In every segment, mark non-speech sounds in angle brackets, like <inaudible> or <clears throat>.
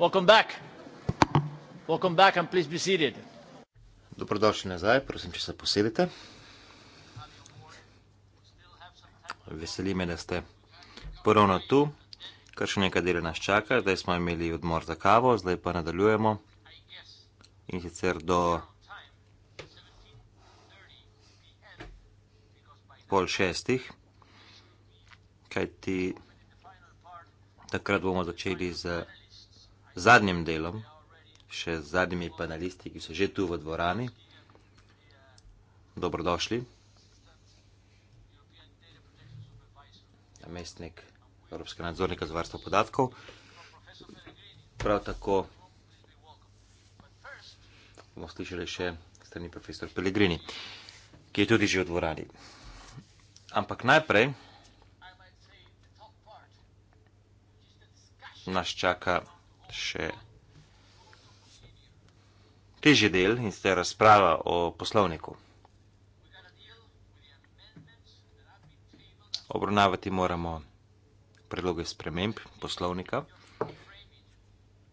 Welcome back. Welcome back and please be seated. Dobrodošli nazaj, prosim, če se posedite. Veseli me, da ste ponovno tu, kar še nekaj dela nas čaka. Zdaj smo imeli odmor za kavo, zdaj pa nadaljujemo. In sicer do pol šestih, kajti takrat bomo začeli z zadnjim delom, še z zadnjimi panelisti, ki so že tu v dvorani. Dobrodošli. Namestnik Evropskega nadzornika za varstvo podatkov. Prav tako bomo slišali še strani profesor Pellegrini, ki je tudi že v dvorani. Ampak najprej nas čaka še težji del in sicer razprava o poslovniku. Obravnavati moramo predloge sprememb poslovnika.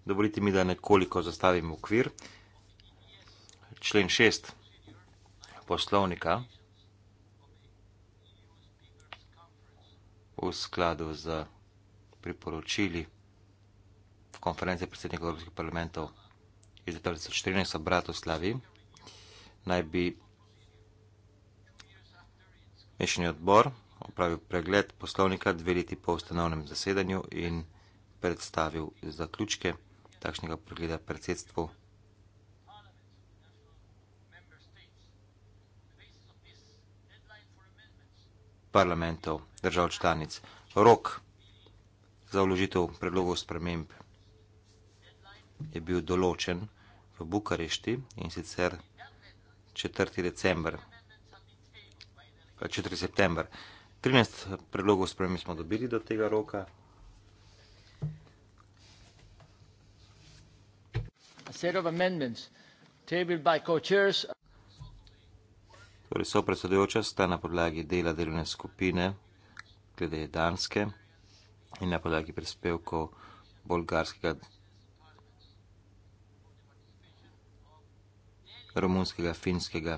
Dovolite mi, da nekoliko zastavim okvir. Člen 6 poslovnika v skladu z priporočili v konferenci predsednikov Evropskih parlamentov iz 2014 v Bratislavi, naj bi mešani odbor opravil pregled poslovnika dve leti po ustanovnem zasedanju in predstavil zaključke takšnega pregleda predsedstvu. parlamentov držav članic. Rok za vložitev predlogov sprememb je bil določen v Bukarešti in sicer 4. december, 4. september. 13 predlogov spremi smo dobili do tega roka. A set of amendments tabled by co-chairs. Torej so predsedujoča sta na podlagi dela delovne skupine, glede danske in na podlagi prispevkov bolgarskega romunskega, finskega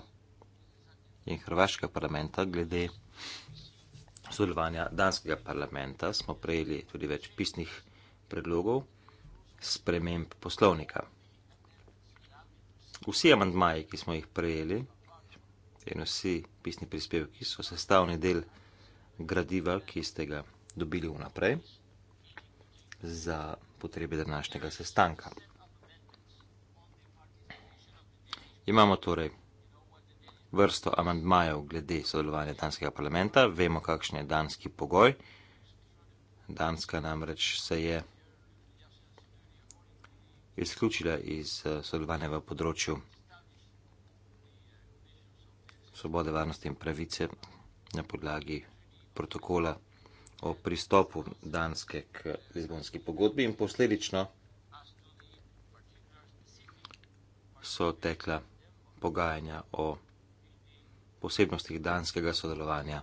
in hrvaškega parlamenta glede sodelovanja danskega parlamenta smo prejeli tudi več pisnih predlogov sprememb poslovnika. Vsi amantmaji, ki smo jih prejeli in vsi pisni prispevki so sestavni del gradiva, ki ste ga dobili vnaprej za potrebe današnjega sestanka. Imamo torej vrsto amantmajev glede sodelovanja danskega parlamenta, vemo, kakšen je danski pogoj. Danska namreč se je izključila iz eh, sodelovanja v področju svobode, varnosti in pravice na podlagi protokola o pristopu Danske k Lizbonski pogodbi in posledično so tekla pogajanja o posebnostih danskega sodelovanja.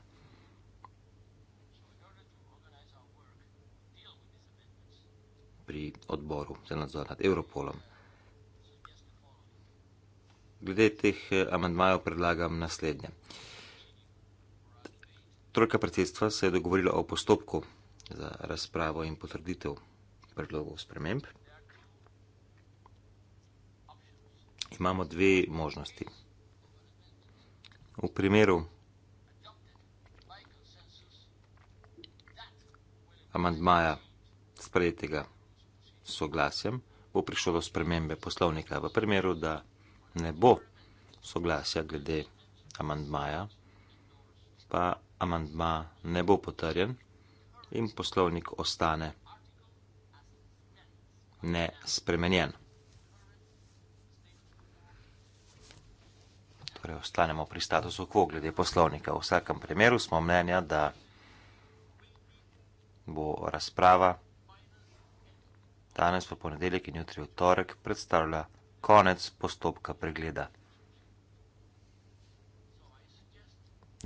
pri odboru za nadzor nad Europolom. Glede teh eh, amandmajev predlagam naslednje. Trojka predsedstva se je dogovorila o postopku za razpravo in potrditev predlogov sprememb. imamo dve možnosti. V primeru amantmaja sprejetega soglasjem bo prišlo do spremembe poslovnika. V primeru, da ne bo soglasja glede amantmaja, pa amantma ne bo potrjen in poslovnik ostane nespremenjen. torej ostanemo pri statusu quo glede poslovnika. V vsakem primeru smo mnenja, da bo razprava danes v ponedeljek in jutri v torek predstavlja konec postopka pregleda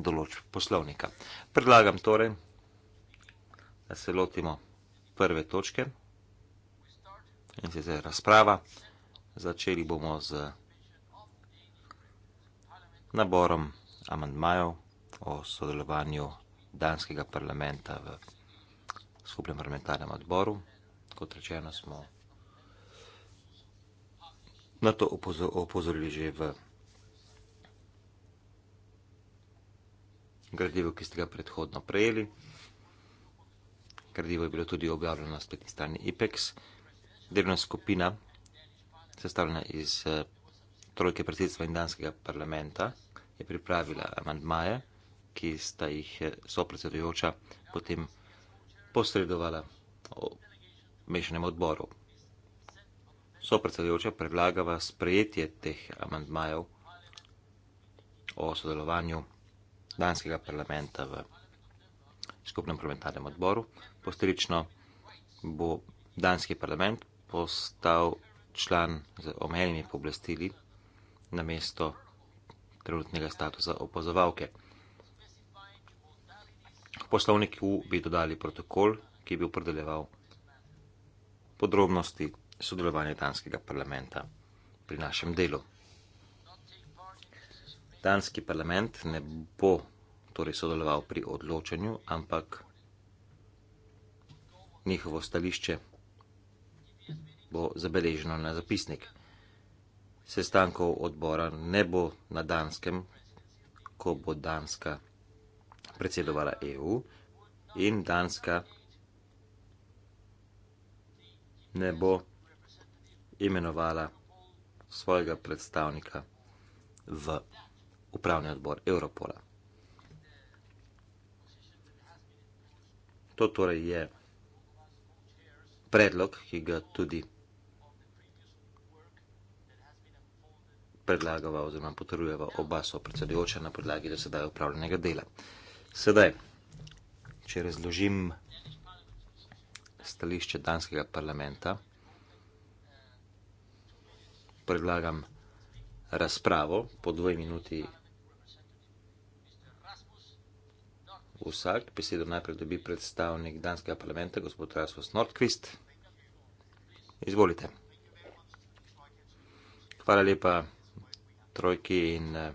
določb poslovnika. Predlagam torej, da se lotimo prve točke in se zdaj razprava. Začeli bomo z naborom amantmajev o sodelovanju danskega parlamenta v skupnem parlamentarnem odboru. Kot rečeno, smo na to opozorili že v gradivu, ki ste ga predhodno prejeli. Gradivo je bilo tudi objavljeno na spletni strani IPEX. Delovna skupina, sestavljena iz eh, trojke predsedstva in danskega parlamenta je pripravila amantmaje, ki sta jih sopredsedujoča potem posredovala o mešanem odboru. Sopredsedujoča predlagava sprejetje teh amantmajev o sodelovanju danskega parlamenta v skupnem parlamentarnem odboru. Posterično bo danski parlament postal član z omejenimi pooblastili na mesto trenutnega statusa opazovalke. V poslovniku bi dodali protokol, ki bi opredeljeval podrobnosti sodelovanja danskega parlamenta pri našem delu. Danski parlament ne bo torej sodeloval pri odločanju, ampak njihovo stališče bo zabeleženo na zapisnik sestankov odbora ne bo na Danskem, ko bo Danska predsedovala EU in Danska ne bo imenovala svojega predstavnika v upravni odbor Europola. To torej je predlog, ki ga tudi predlagava oziroma potrjujeva oba so predsedujoča na podlagi do sedaj upravljenega dela. Sedaj, če razložim stališče danskega parlamenta, predlagam razpravo po dve minuti. Vsak besedo najprej dobi predstavnik danskega parlamenta, gospod Rasmus Nordqvist. Izvolite. Hvala lepa trojki in eh,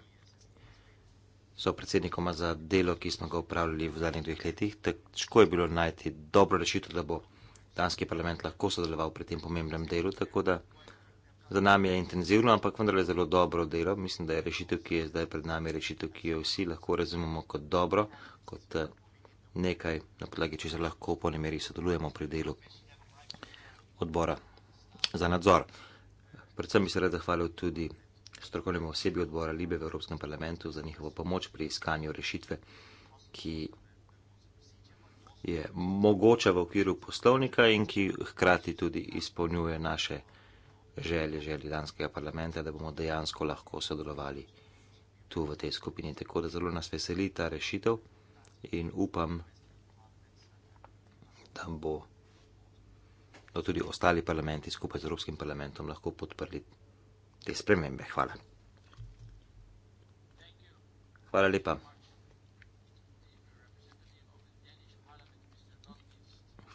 so predsednikoma za delo, ki smo ga upravljali v zadnjih dveh letih. Težko je bilo najti dobro rešitev, da bo danski parlament lahko sodeloval pri tem pomembnem delu. Tako da za nami je intenzivno, ampak vendar je zelo dobro delo. Mislim, da je rešitev, ki je zdaj pred nami, rešitev, ki jo vsi lahko razumemo kot dobro, kot eh, nekaj, na podlagi česar lahko v polni meri sodelujemo pri delu odbora za nadzor. Predvsem bi se rad zahvalil tudi strokovnemu osebi odbora Libe v Evropskem parlamentu za njihovo pomoč pri iskanju rešitve, ki je mogoča v okviru poslovnika in ki hkrati tudi izpolnjuje naše želje, želje danskega parlamenta, da bomo dejansko lahko sodelovali tu v tej skupini. Tako da zelo nas veseli ta rešitev in upam, da bo da tudi ostali parlamenti skupaj z Evropskim parlamentom lahko podprli te spremembe. Hvala. Hvala lepa.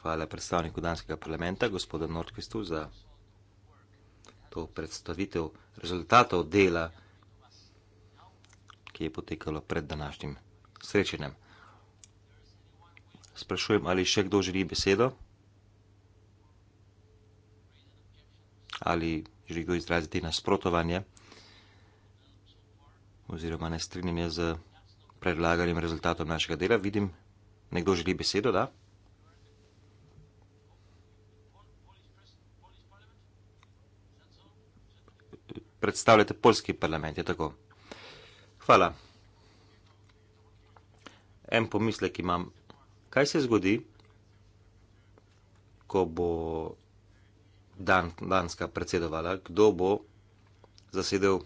Hvala predstavniku Danskega parlamenta, gospodu Nordkvistu, za to predstavitev rezultatov dela, ki je potekalo pred današnjim srečenjem. Sprašujem, ali še kdo želi besedo? Ali žigo izraziti nasprotovanje oziroma ne strinjam je z predlaganim rezultatom našega dela. Vidim, nekdo želi besedo, da? Predstavljate poljski parlament, je tako? Hvala. En pomislek imam. Kaj se zgodi, ko bo Dan, Danska predsedovala, kdo bo zasedel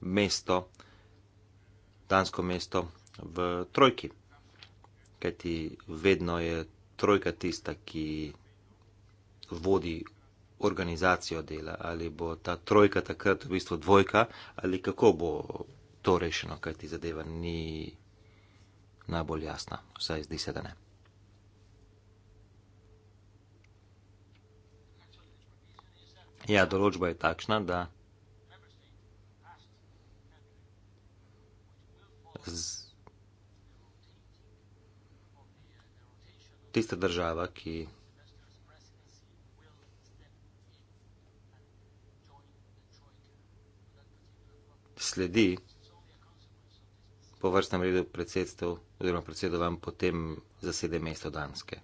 mesto, dansko mesto v trojki. Kajti vedno je trojka tista, ki vodi organizacijo dela, ali bo ta trojka takrat v bistvu dvojka, ali kako bo to rešeno, kajti zadeva ni najbolj jasna, vsaj zdi se, da ne. Ja, določba je takšna, da z... tista država, ki sledi po vrstnem redu predsedstv oziroma predsedovam potem zasede mesto Danske.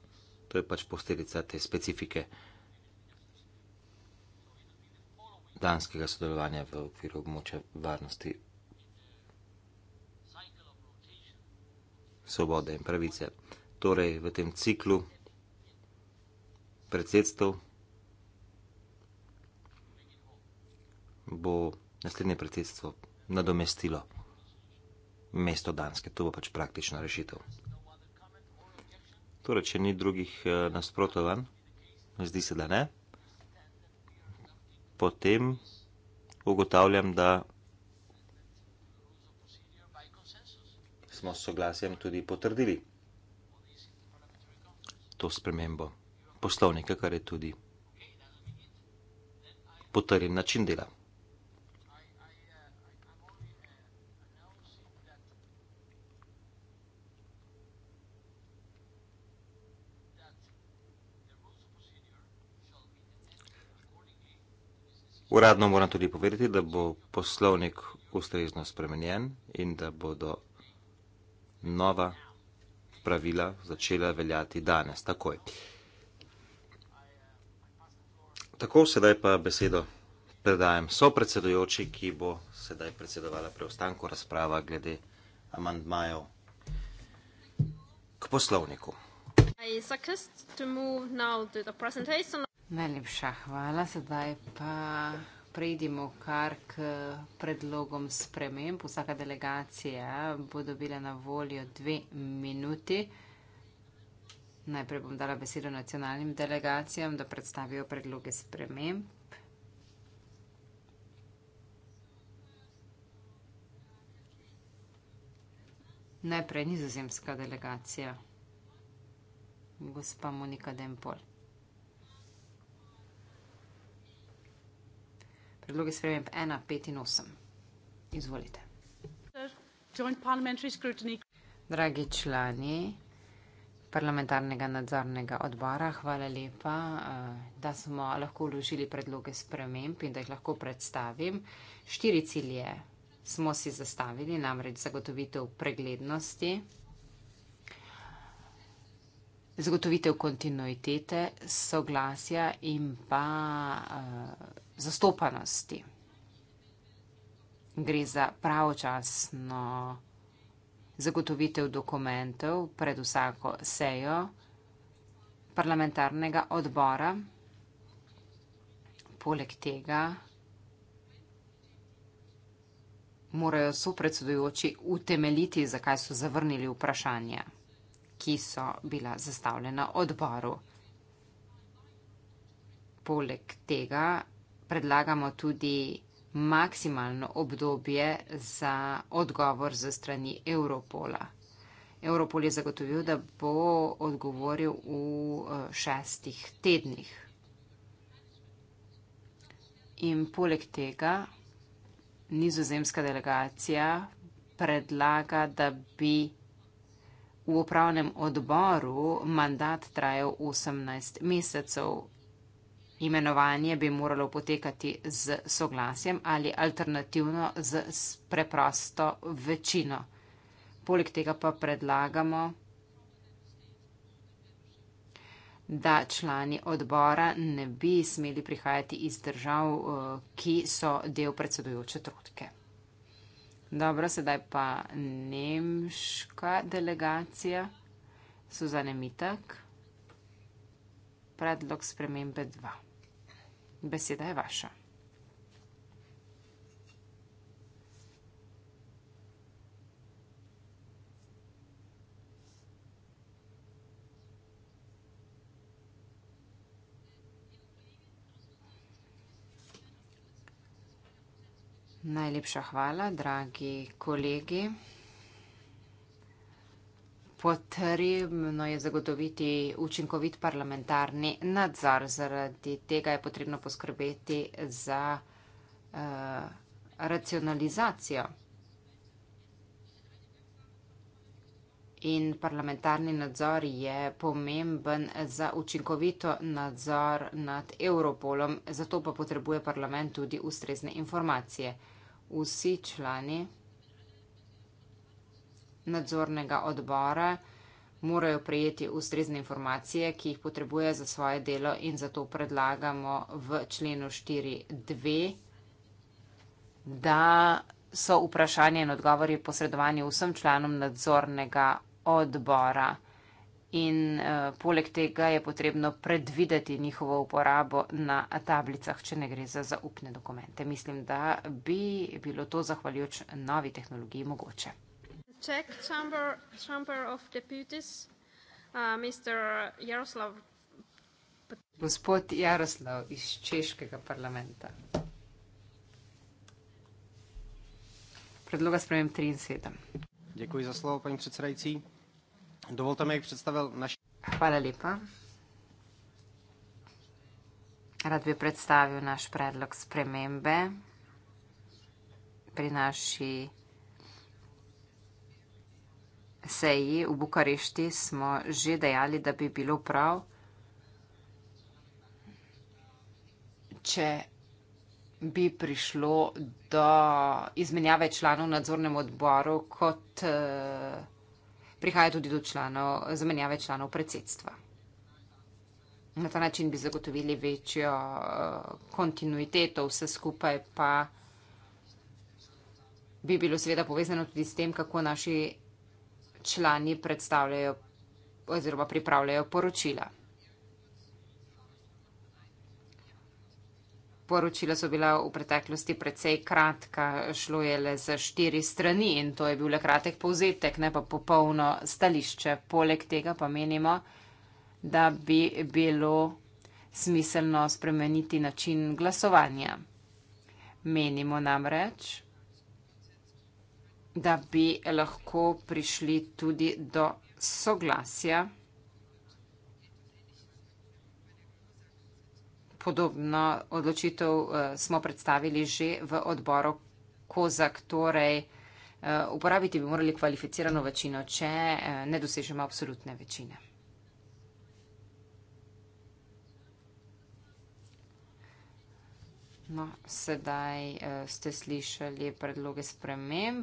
To je pač posledica te specifike. danskega sodelovanja v okviru območja varnosti, svobode in pravice. Torej, v tem ciklu predsedstv bo naslednje predsedstvo nadomestilo mesto Danske. To bo pač praktična rešitev. Torej, če ni drugih eh, nasprotovanj, zdi se, da ne potem ugotavljam, da smo s soglasjem tudi potrdili to spremembo poslovnika, kar je tudi potrjen način dela. Uradno moram tudi povedati, da bo poslovnik ustrezno spremenjen in da bodo nova pravila začela veljati danes, takoj. Tako, sedaj pa besedo predajem so predsedojoči, ki bo sedaj predsedovala preostanko razprava glede amandmajev k poslovniku. Hey, so Najlepša hvala. Sedaj pa prejdimo kar k predlogom sprememb. Vsaka delegacija bo dobila na voljo dve minuti. Najprej bom dala besedo nacionalnim delegacijam, da predstavijo predloge sprememb. Najprej nizozemska delegacija, gospa Monika Dempolt. Predloge sprememb 1, 5 in 8. Izvolite. Dragi člani parlamentarnega nadzornega odbora, hvala lepa, eh, da smo lahko vložili predloge sprememb in da jih lahko predstavim. Štiri cilje smo si zastavili, namreč zagotovitev preglednosti, zagotovitev kontinuitete, soglasja in pa. Uh, zastopanosti. Gre za pravočasno zagotovitev dokumentov pred vsako sejo parlamentarnega odbora. Poleg tega morajo so predsedujoči utemeliti, zakaj so zavrnili vprašanja, ki so bila zastavljena odboru. Poleg tega predlagamo tudi maksimalno obdobje za odgovor za strani Europola. Europol je zagotovil, da bo odgovoril v eh, šestih tednih. In poleg tega nizozemska delegacija predlaga, da bi v upravnem odboru mandat trajal 18 mesecev, imenovanje bi moralo potekati z soglasjem ali alternativno z preprosto večino. Poleg tega pa predlagamo, da člani odbora ne bi smeli prihajati iz držav, eh, ki so del predsedujoče trudke. Dobro, sedaj pa nemška delegacija, Suzane Mitak, predlog spremembe 2. Beseda je vaša. Najlepša hvala, dragi kolegi. Potrebno je zagotoviti učinkovit parlamentarni nadzor, zaradi tega je potrebno poskrbeti za uh, racionalizacijo. In parlamentarni nadzor je pomemben za učinkovito nadzor nad Europolom, zato pa potrebuje parlament tudi ustrezne informacije. Vsi člani nadzornega odbora morajo prejeti ustrezne informacije, ki jih potrebuje za svoje delo in zato predlagamo v členu 4.2, da so vprašanje in odgovori posredovani vsem članom nadzornega odbora. In eh, poleg tega je potrebno predvideti njihovo uporabo na tablicah, če ne gre za zaupne dokumente. Mislim, da bi bilo to zahvaljujoč novi tehnologiji mogoče. Czech Chamber, Chamber of Deputies, uh, Mr. Jaroslav. Gospod Jaroslav iz Češkega parlamenta. Predloga sprejem 37. Děkuji za slovo, paní předsedající. Dovolte mi, jak představil naši... Hvala lepa. Rad bi predstavil naš predlog spremembe pri naši seji v Bukarešti smo že dejali, da bi bilo prav, če bi prišlo do izmenjave članov v nadzornem odboru, kot eh, prihaja tudi do članov, zamenjave članov predsedstva. Na ta način bi zagotovili večjo eh, kontinuiteto, vse skupaj pa bi bilo seveda povezano tudi s tem, kako naši člani predstavljajo oziroma pripravljajo poročila. Poročila so bila v preteklosti precej kratka, šlo je le za štiri strani in to je bil le kratek povzetek, ne pa popolno stališče. Poleg tega pa menimo, da bi bilo smiselno spremeniti način glasovanja. Menimo namreč, da bi lahko prišli tudi do soglasja, Podobno odločitev eh, smo predstavili že v odboru Kozak, torej eh, uporabiti bi morali kvalificirano večino, če eh, ne dosežemo absolutne večine. No, sedaj ste slišali predloge sprememb.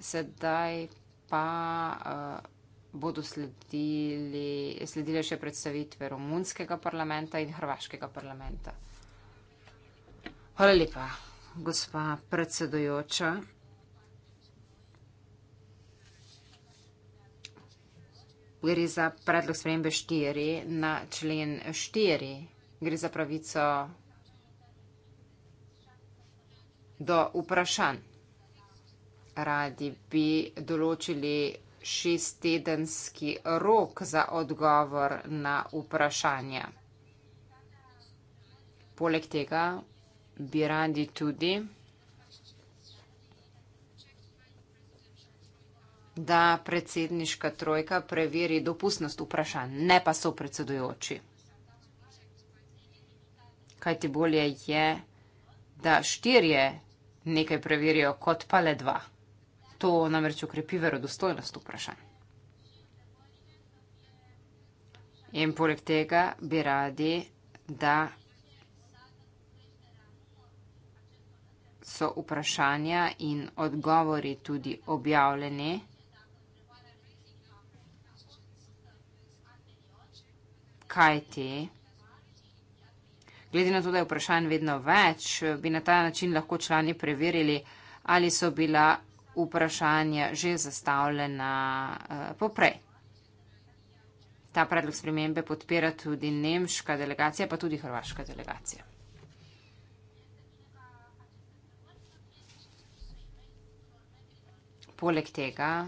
Sedaj pa uh, bodo sledili, sledile še predstavitve romunskega parlamenta in hrvaškega parlamenta. Hvala lepa, gospa predsedojoča. Gre za predlog spremembe 4 na člen 4. Gre za pravico do vprašanj radi bi določili šestedenski rok za odgovor na vprašanje. Poleg tega bi radi tudi, da predsedniška trojka preveri dopustnost vprašanj, ne pa so predsedujoči. Kaj ti bolje je, da štirje nekaj preverijo, kot pa le dva. To namreč ukrepi verodostojnost vprašanj. In poleg tega bi radi, da so vprašanja in odgovori tudi objavljeni, kaj te. Glede na to, da je vprašanj vedno več, bi na ta način lahko člani preverili, ali so bila vprašanja že zastavljena eh, poprej. Ta predlog spremembe podpira tudi nemška delegacija, pa tudi hrvaška delegacija. Poleg tega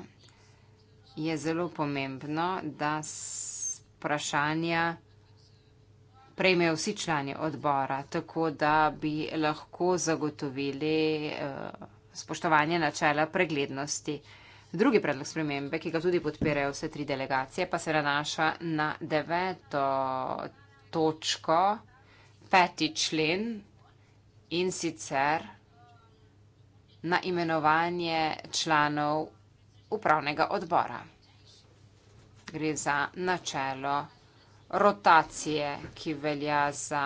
je zelo pomembno, da vprašanja prejmejo vsi člani odbora, tako da bi lahko zagotovili. Uh, spoštovanje načela preglednosti. Drugi predlog spremembe, ki ga tudi podpirajo vse tri delegacije, pa se nanaša na deveto točko, peti člen in sicer na imenovanje članov upravnega odbora. Gre za načelo rotacije, ki velja za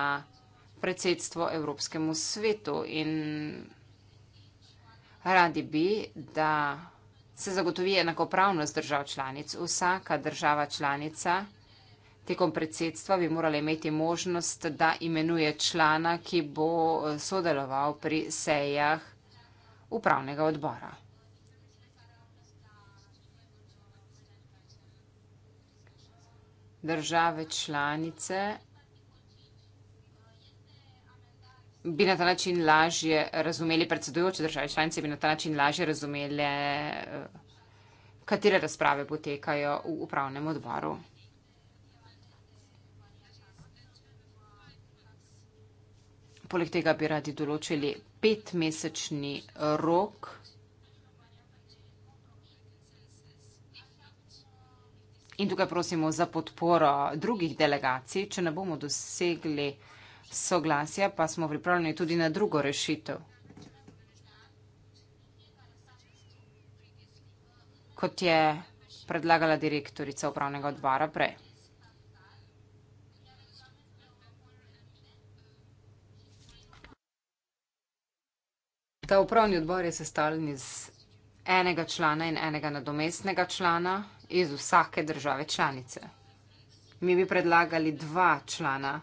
predsedstvo Evropskemu svetu in Radi bi, da se zagotovi enakopravnost držav članic. Vsaka država članica tekom predsedstva bi morala imeti možnost, da imenuje člana, ki bo eh, sodeloval pri sejah upravnega odbora. Države članice bi na ta način lažje razumeli predsedujoče države članice, bi na ta način lažje razumeli, eh, katere razprave potekajo v upravnem odboru. Poleg tega bi radi določili petmesečni rok in tukaj prosimo za podporo drugih delegacij, če ne bomo dosegli vsega, soglasja, pa smo pripravljeni tudi na drugo rešitev. Kot je predlagala direktorica upravnega odbora prej. Ta upravni odbor je sestavljen iz enega člana in enega nadomestnega člana iz vsake države članice. Mi bi predlagali dva člana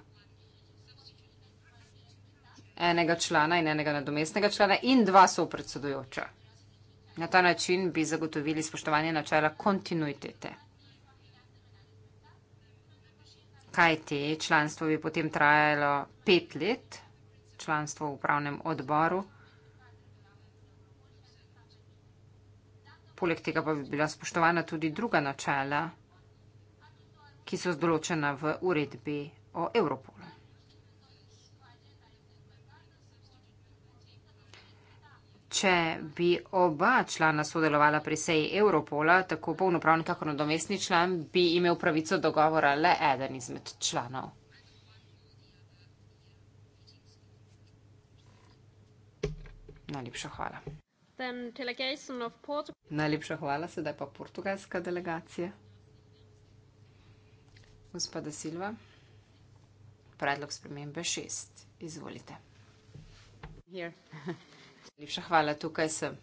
enega člana in enega nadomestnega člana in dva so predsedujoča. Na ta način bi zagotovili spoštovanje načela kontinuitete. Kaj te članstvo bi potem trajalo pet let, članstvo v upravnem odboru, poleg tega pa bi bila spoštovana tudi druga načela, ki so zdoločena v uredbi o Evropu. če bi oba člana sodelovala pri seji Europola, tako polnopravni kakor nadomestni član, bi imel pravico dogovora le eden izmed članov. Najlepša hvala. Najlepša hvala, sedaj pa portugalska delegacija. Gospoda Silva, predlog spremembe šest. Izvolite. Here. <laughs> Lepša hvala, tukaj sem.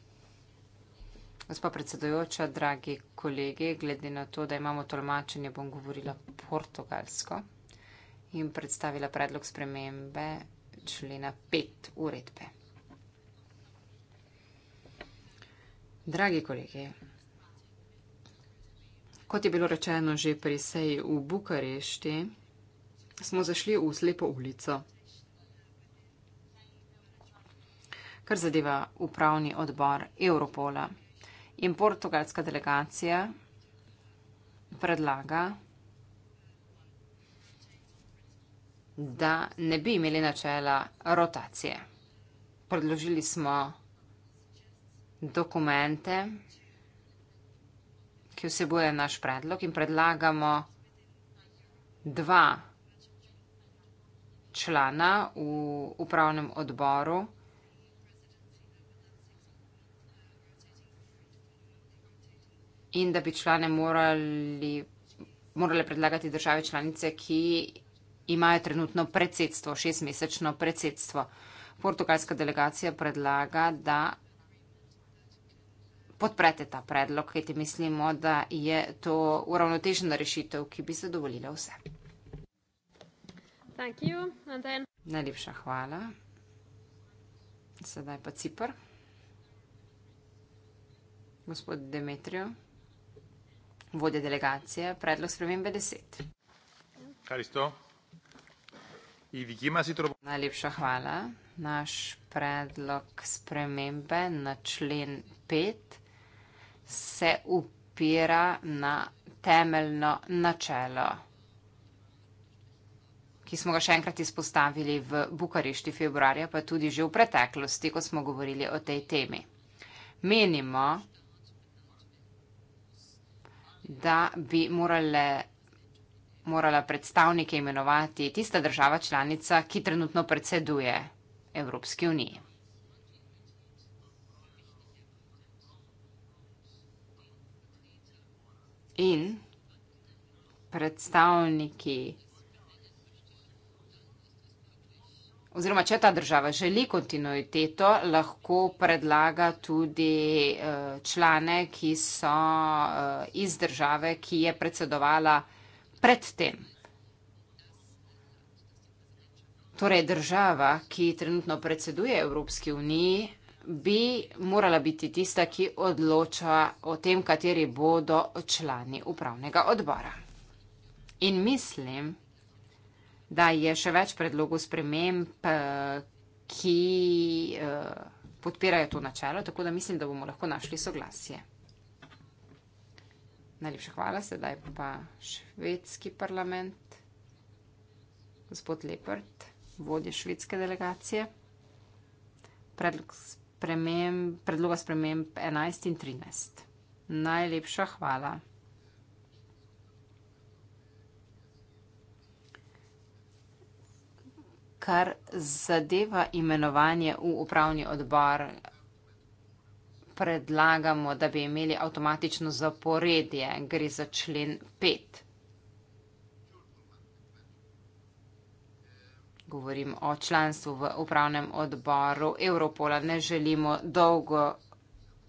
Gospa predsedujoča, dragi kolegi, glede na to, da imamo tolmačenje, bom govorila portugalsko in predstavila predlog spremembe člena 5 uredbe. Dragi kolegi, kot je bilo rečeno že pri seji v Bukarešti, smo zašli v slepo ulico. kar zadeva upravni odbor Europola. In portugalska delegacija predlaga, da ne bi imeli načela rotacije. Predložili smo dokumente, ki vsebuje naš predlog in predlagamo dva člana v upravnem odboru in da bi člane morali, morali predlagati države članice, ki imajo trenutno predsedstvo, šestmesečno predsedstvo. Portugalska delegacija predlaga, da podprete ta predlog, kajti mislimo, da je to uravnotežena rešitev, ki bi zadovoljila vse. You, then... Najlepša hvala. Sedaj pa Cipr. Gospod Demetrijo vodja delegacije predlog spremembe 10. Najlepša hvala. Naš predlog spremembe na člen 5 se upira na temeljno načelo, ki smo ga še enkrat izpostavili v Bukarišti februarja, pa tudi že v preteklosti, ko smo govorili o tej temi. Menimo, da bi morale, morala predstavnike imenovati tista država članica, ki trenutno predseduje Evropski uniji. In predstavniki oziroma če ta država želi kontinuiteto, lahko predlaga tudi eh, člane, ki so eh, iz države, ki je predsedovala predtem. Torej država, ki trenutno predseduje Evropski uniji, bi morala biti tista, ki odloča o tem, kateri bodo člani upravnega odbora. In mislim, da je še več predlogov sprememb, eh, ki eh, podpirajo to načelo, tako da mislim, da bomo lahko našli soglasje. Najlepša hvala, sedaj pa švedski parlament, gospod Lepert, vodje švedske delegacije, predlog sprememb, predloga sprememb 11 in 13. Najlepša hvala. kar zadeva imenovanje v upravni odbor, predlagamo, da bi imeli avtomatično zaporedje, gre za člen 5. Govorim o članstvu v upravnem odboru Evropola. Ne želimo dolgo,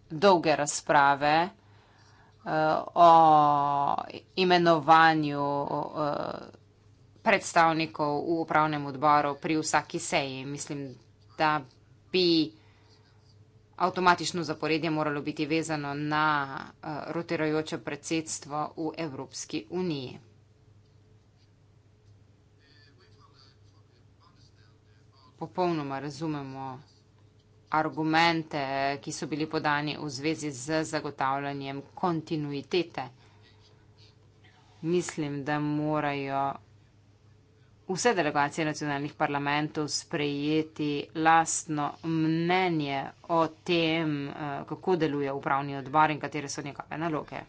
dolge razprave uh, o imenovanju uh, predstavnikov v upravnem odboru pri vsaki seji. Mislim, da bi avtomatično zaporedje moralo biti vezano na uh, rotirajoče predsedstvo v Evropski uniji. Popolnoma razumemo argumente, ki so bili podani v zvezi z zagotavljanjem kontinuitete. Mislim, da morajo vse delegacije nacionalnih parlamentov sprejeti lastno mnenje o tem, eh, kako deluje upravni odbor in katere so njegove naloge.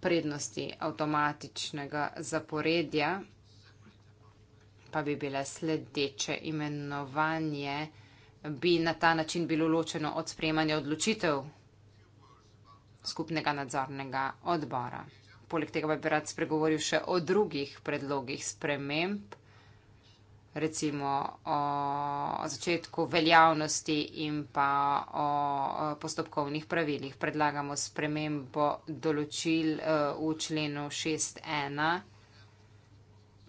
Prednosti avtomatičnega zaporedja pa bi bile sledeče imenovanje, bi na ta način bilo ločeno od sprejemanja odločitev skupnega nadzornega odbora poleg tega pa bi rad spregovoril še o drugih predlogih sprememb, recimo o začetku veljavnosti in pa o postopkovnih pravilih. Predlagamo spremembo določil e, v členu 6.1.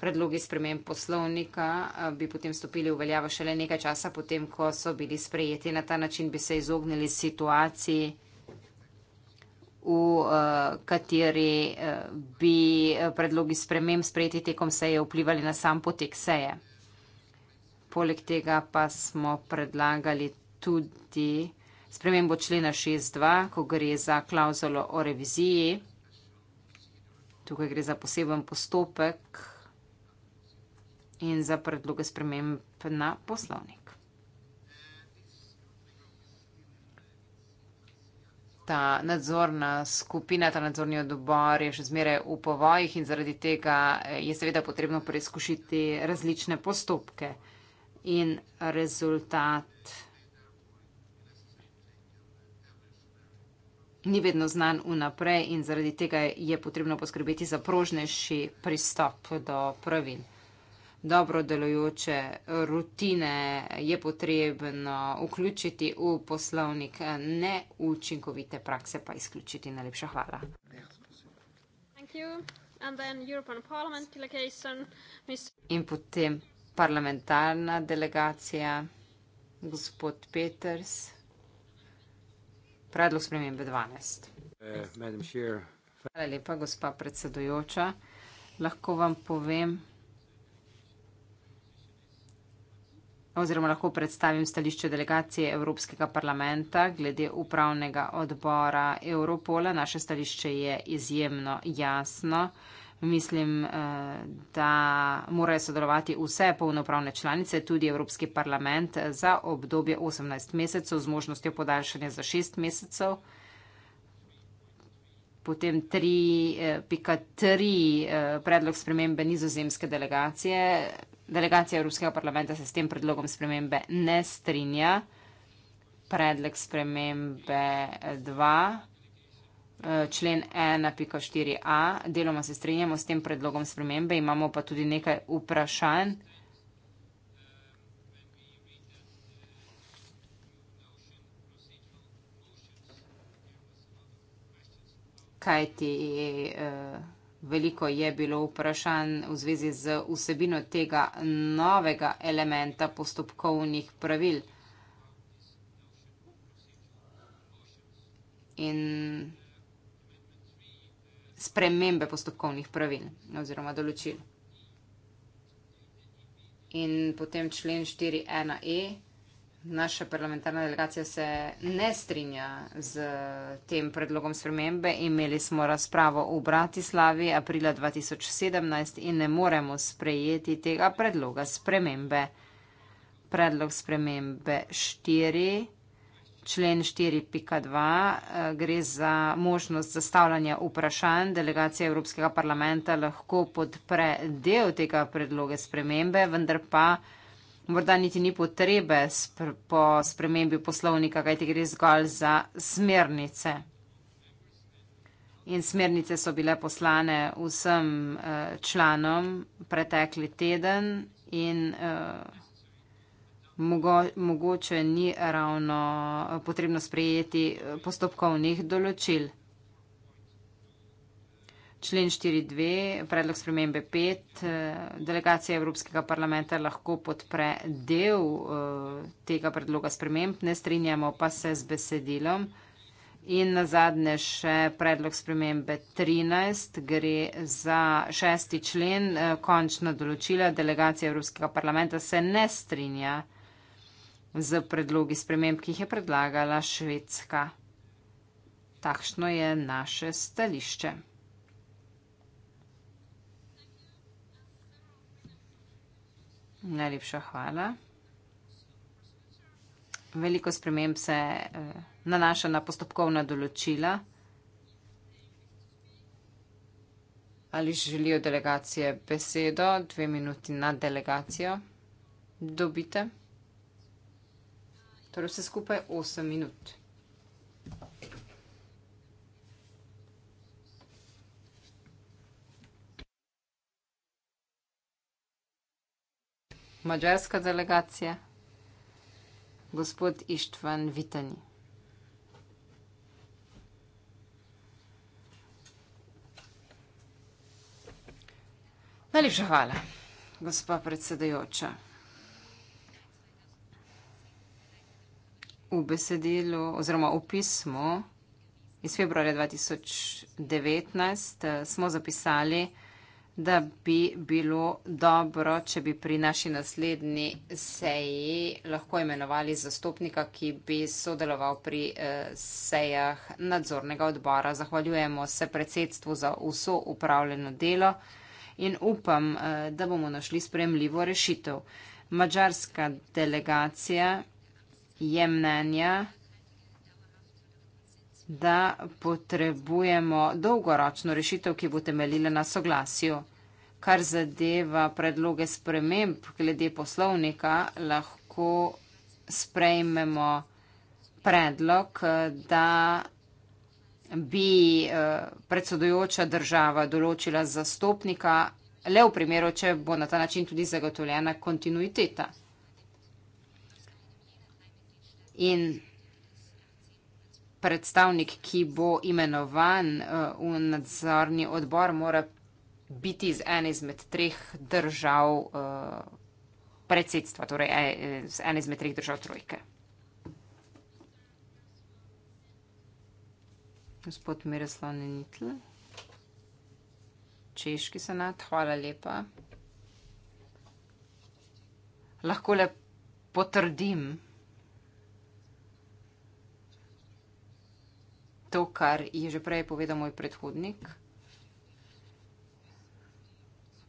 Predlogi spremem poslovnika e, bi potem stopili v veljavo šele nekaj časa, potem ko so bili sprejeti. Na ta način bi se izognili situaciji, v eh, kateri eh, bi eh, predlogi sprememb sprejeti tekom seje vplivali na sam potek seje. Poleg tega pa smo predlagali tudi spremembo člena 6.2, ko gre za klauzulo o reviziji. Tukaj gre za poseben postopek in za predloge sprememb na poslovnik. ta nadzorna skupina, ta nadzorni odbor je še zmeraj v povojih in zaradi tega eh, je seveda potrebno preizkušiti različne postopke in rezultat ni vedno znan vnaprej in zaradi tega je potrebno poskrbeti za prožnejši pristop do pravil dobro delujoče rutine je potrebno vključiti v poslovnik, neučinkovite prakse pa izključiti. Najlepša hvala. In potem parlamentarna delegacija, gospod Peters, predlog spremembe 12. Eh, hvala lepa, gospa predsedujoča. Lahko vam povem, oziroma lahko predstavim stališče delegacije Evropskega parlamenta glede upravnega odbora Europola. Naše stališče je izjemno jasno. Mislim, eh, da morajo sodelovati vse polnopravne članice, tudi Evropski parlament, za obdobje 18 mesecev z možnostjo podaljšanja za 6 mesecev. Potem 3.3 eh, eh, predlog spremembe nizozemske delegacije Delegacija Evropskega parlamenta se s tem predlogom spremembe ne strinja. Predlog spremembe 2, eh, eh, člen 1.4a, deloma se strinjamo s tem predlogom spremembe, imamo pa tudi nekaj vprašanj. Kaj ti je? Uh, Veliko je bilo vprašanj v zvezi z vsebino tega novega elementa postopkovnih pravil. In spremembe postopkovnih pravil oziroma določil. In potem člen 4.1.e naša parlamentarna delegacija se ne strinja z tem predlogom spremembe. Imeli smo razpravo v Bratislavi aprila 2017 in ne moremo sprejeti tega predloga spremembe. Predlog spremembe 4, člen 4.2, eh, gre za možnost zastavljanja vprašanj. Delegacija Evropskega parlamenta lahko podpre del tega predloga spremembe, vendar pa morda niti ni potrebe sp po spremembi poslovnika, kaj ti gre zgolj za smernice. In smernice so bile poslane vsem uh, članom pretekli teden in uh, mogo mogoče ni ravno eh, potrebno sprejeti postopkovnih določil člen 4.2, predlog spremembe 5. Eh, delegacija Evropskega parlamenta lahko podpre del eh, tega predloga sprememb, ne strinjamo pa se z besedilom. In na zadnje še predlog spremembe 13 gre za šesti člen, eh, končna določila. Delegacija Evropskega parlamenta se ne strinja z predlogi sprememb, ki jih je predlagala Švedska. Takšno je naše stališče. Najlepša hvala. Veliko sprememb se eh, nanaša na postopkovna določila. Ali želijo delegacije besedo, dve minuti na delegacijo dobite? Torej vse skupaj osem minut. mađarska delegacija, gospod Ištvan Vitani. Najlepša hvala, gospa predsedajoča. V besedilu oziroma v pismu iz februarja 2019 eh, smo zapisali, da je da bi bilo dobro, če bi pri naši naslednji seji lahko imenovali zastopnika, ki bi sodeloval pri eh, sejah nadzornega odbora. Zahvaljujemo se predsedstvu za vso upravljeno delo in upam, eh, da bomo našli spremljivo rešitev. Mačarska delegacija je mnenja, da potrebujemo dolgoročno rešitev, ki bo temeljila na soglasju. Kar zadeva predloge sprememb glede poslovnika, lahko sprejmemo predlog, da bi eh, predsedujoča država določila zastopnika le v primeru, če bo na ta način tudi zagotovljena kontinuiteta. In predstavnik, ki bo imenovan eh, v nadzorni odbor, mora biti iz ene izmed treh držav eh, predsedstva, torej eh, iz ene izmed treh držav trojke. Gospod Miroslav Nenitl, češki senat, hvala lepa. Lahko le potrdim, to, kar je že prej povedal moj predhodnik.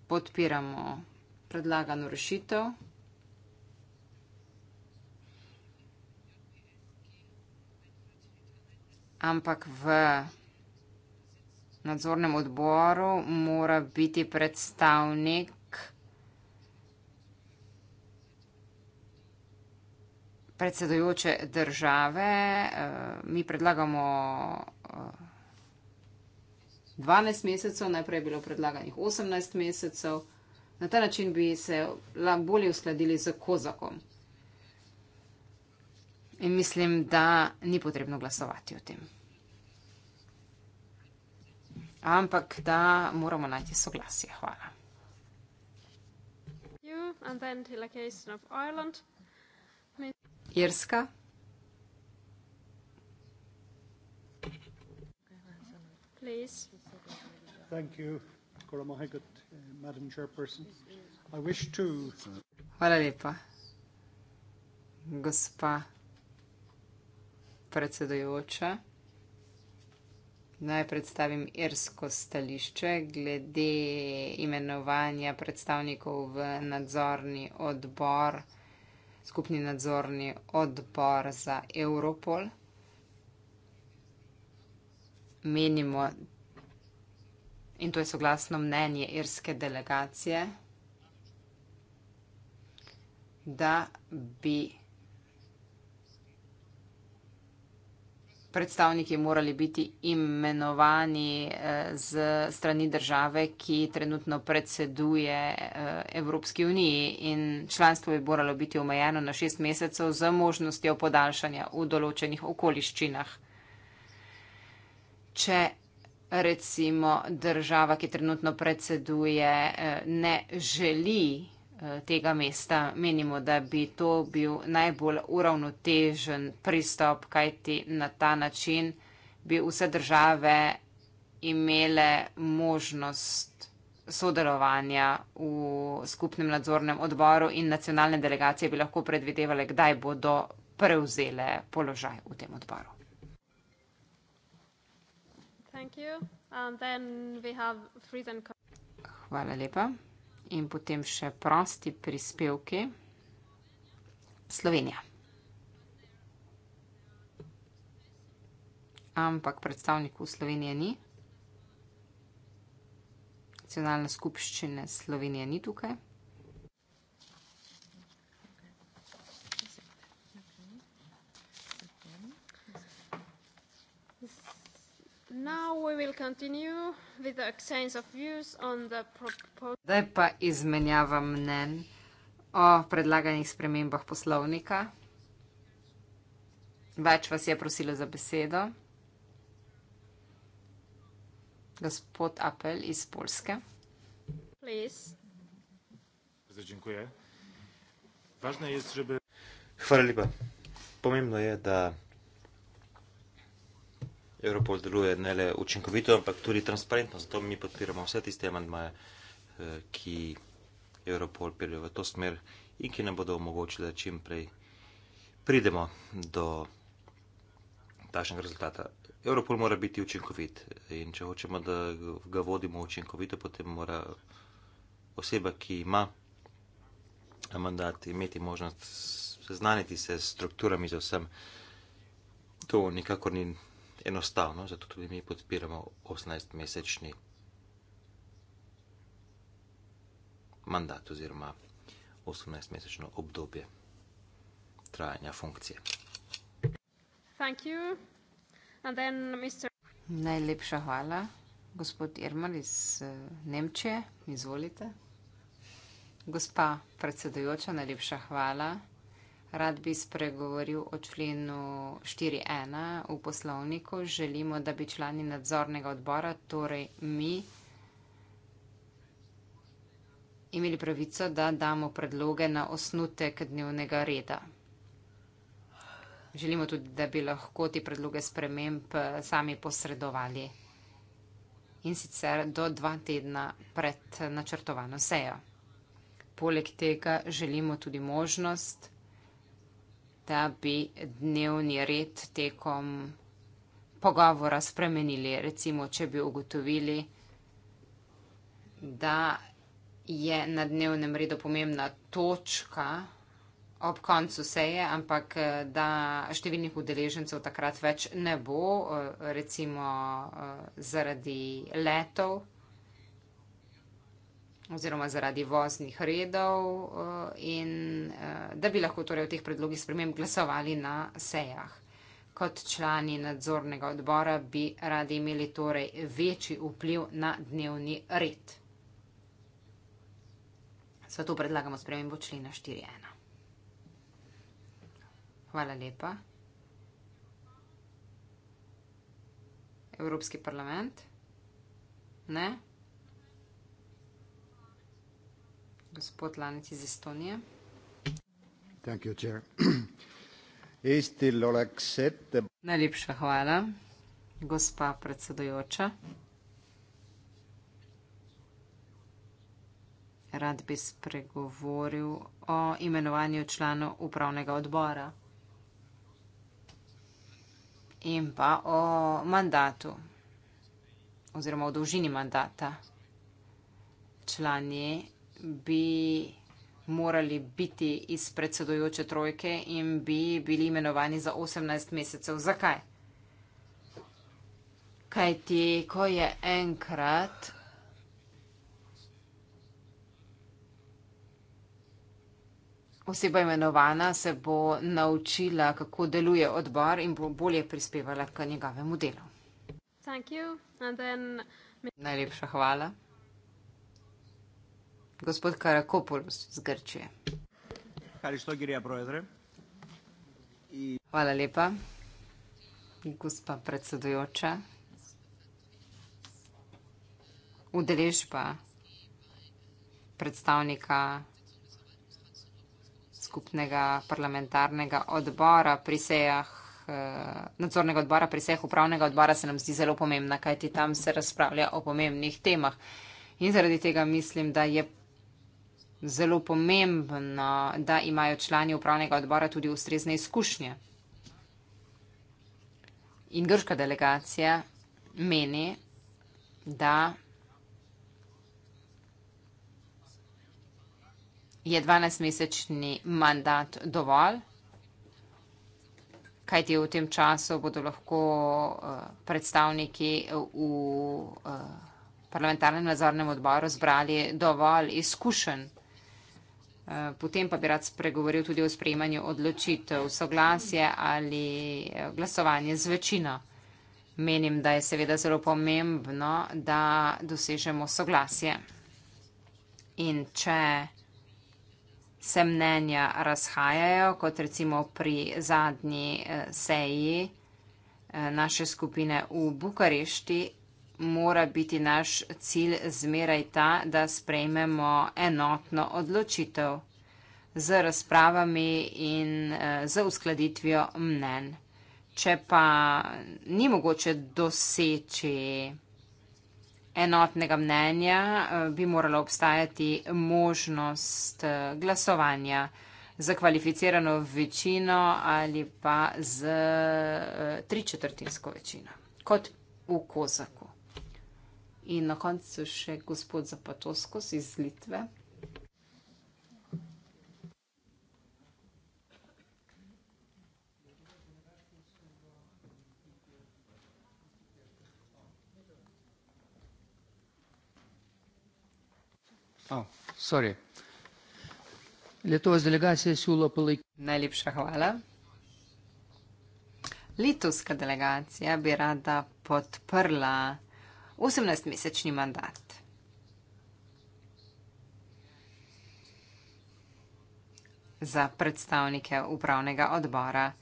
Podpiramo predlagano rešitev. Ampak v nadzornem odboru mora biti predstavnik predsedujoče države. Eh, mi predlagamo 12 eh, mesecev, najprej je bilo predlaganih 18 mesecev. Na ta način bi se bolje uskladili z Kozakom. In mislim, da ni potrebno glasovati o tem. Ampak da moramo najti soglasje. Hvala. You and then till a case of Ireland. Irska. Hvala lepa, gospa predsedojoča. Naj predstavim irsko stališče glede imenovanja predstavnikov v nadzorni odbor skupni nadzorni odbor za Europol. Menimo, in to je soglasno mnenje irske delegacije, da bi predstavniki morali biti imenovani eh, z strani države, ki trenutno predseduje eh, Evropski uniji in članstvo bi moralo biti omejeno na šest mesecev z možnostjo podaljšanja v določenih okoliščinah. Če recimo država, ki trenutno predseduje, eh, ne želi tega mesta. Menimo, da bi to bil najbolj uravnotežen pristop, kajti na ta način bi vse države imele možnost sodelovanja v skupnem nadzornem odboru in nacionalne delegacije bi lahko predvidevale, kdaj bodo prevzele položaj v tem odboru. Hvala lepa in potem še prosti prispevki Slovenija. Ampak predstavnikov Slovenije ni. Nacionalne skupščine Slovenije ni tukaj. Now we will continue with the exchange of views on the proposal. Zdaj pa izmenjava mnen o predlaganih spremembah poslovnika. Več vas je prosilo za besedo. Gospod Apel iz Polske. Hvala lepa. Pomembno je, da Evropol deluje ne le učinkovito, ampak tudi transparentno. Zato mi podpiramo vse tiste amandmaje, eh, ki Evropol pelje v to smer in ki nam bodo omogočili, da čim prej pridemo do tašnega rezultata. Evropol mora biti učinkovit in če hočemo, da ga vodimo učinkovito, potem mora oseba, ki ima mandat, imeti možnost seznaniti se s strukturami za vsem. To nikakor ni enostavno, zato tudi mi podpiramo 18-mesečni mandat oziroma 18-mesečno obdobje trajanja funkcije. Thank you. And then Mr. Najlepša hvala. Gospod Irman iz eh, Nemčije, izvolite. Gospa predsedujoča, najlepša hvala. Rad bi spregovoril o členu 4.1 v poslovniku. Želimo, da bi člani nadzornega odbora, torej mi, imeli pravico, da damo predloge na osnutek dnevnega reda. Želimo tudi, da bi lahko ti predloge sprememb eh, sami posredovali in sicer do dva tedna pred načrtovano sejo. Poleg tega želimo tudi možnost, da bi dnevni red tekom pogovora spremenili. Recimo, če bi ugotovili, da je na dnevnem redu pomembna točka ob koncu seje, ampak da številnih udeležencev takrat več ne bo, recimo zaradi letov oziroma zaradi voznih redov eh, in eh, da bi lahko torej v teh predlogih sprememb glasovali na sejah. Kot člani nadzornega odbora bi radi imeli torej večji vpliv na dnevni red. Zato predlagamo spremembo člena 4.1. Hvala lepa. Evropski parlament? Ne? Gospod Lanec iz Estonije. Thank you, chair. Eestil <clears throat> oleks ette... Najlepša hvala, gospa predsedujoča. Rad bi spregovoril o imenovanju članov upravnega odbora in pa o mandatu oziroma o dolžini mandata. Člani bi morali biti iz predsedojoče trojke in bi bili imenovani za 18 mesecev. Zakaj? Kaj ti, ko je enkrat oseba imenovana, se bo naučila, kako deluje odbor in bo bolje prispevala k njegovemu delu. Najlepša hvala gospod Karakopoulos iz Grčije. Hvala lepa, gospa predsedujoča. Udeležba predstavnika skupnega parlamentarnega odbora pri sejah, eh, nadzornega odbora pri sejah upravnega odbora se nam zdi zelo pomembna, kajti tam se razpravlja o pomembnih temah. In zaradi tega mislim, da je zelo pomembno, da imajo člani upravnega odbora tudi ustrezne izkušnje. In grška delegacija meni, da je 12-mesečni mandat dovolj, kajti v tem času bodo lahko eh, predstavniki eh, v eh, parlamentarnem nazornem odboru zbrali dovolj izkušenj Eh, potem pa bi rad spregovoril tudi o sprejemanju odločitev, soglasje ali eh, glasovanje z večino. Menim, da je seveda zelo pomembno, da dosežemo soglasje. In če se mnenja razhajajo, kot recimo pri zadnji eh, seji naše skupine v Bukarešti, mora biti naš cilj zmeraj ta, da sprejmemo enotno odločitev z razpravami in eh, z uskladitvijo mnen. Če pa ni mogoče doseči enotnega mnenja, eh, bi morala obstajati možnost eh, glasovanja za kvalificirano večino ali pa z tričetrtinsko večino, kot v kozaku in na koncu še gospod Zapatoskos iz Litve. Oh, Najlepša hvala. Litovska delegacija bi rada podprla 18-mesečni mandat. Za predstavnike upravnega odbora,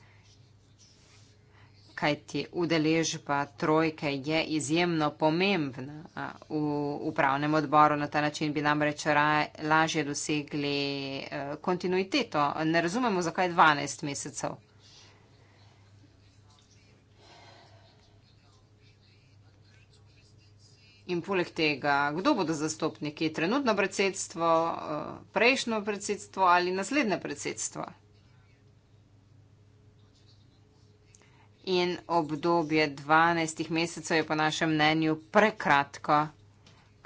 kajti udeležba trojke je izjemno pomembna v upravnem odboru, na ta način bi namreč lažje dosegli eh, kontinuiteto. Ne razumemo, zakaj 12 mesecev. In poleg tega, kdo bodo zastopniki, trenutno predsedstvo, eh, prejšnjo predsedstvo ali naslednje predsedstvo? In obdobje 12 mesecev je po našem mnenju prekratko,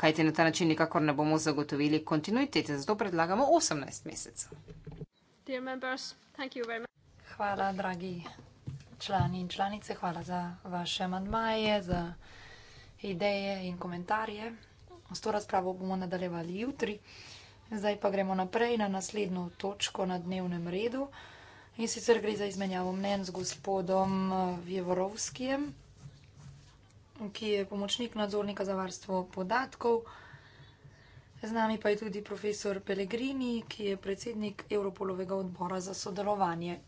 kajti na ta način nikakor ne bomo zagotovili kontinuitete, zato predlagamo 18 mesecev. Hvala, dragi člani in članice, hvala za vaše amantmaje, za ideje in komentarje. S to razpravo bomo nadaljevali jutri, zdaj pa gremo naprej na naslednjo točko na dnevnem redu. In sicer gre za izmenjavo mnen z gospodom eh, Vjevorovskijem, ki je pomočnik nadzornika za varstvo podatkov. Z nami pa je tudi profesor Pellegrini, ki je predsednik Evropolovega odbora za sodelovanje.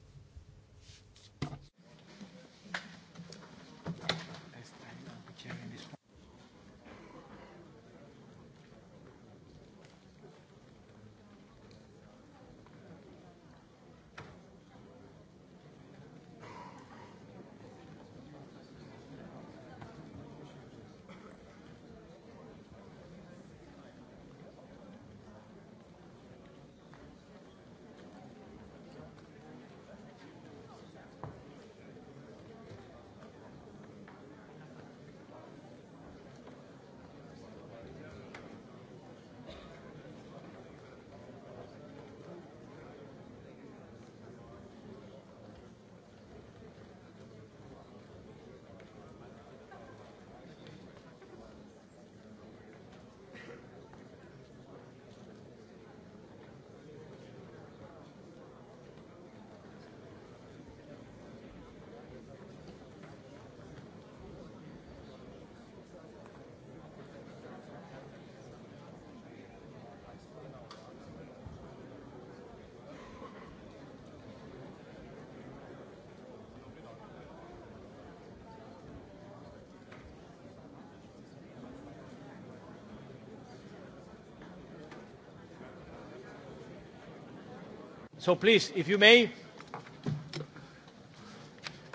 So please, if you may,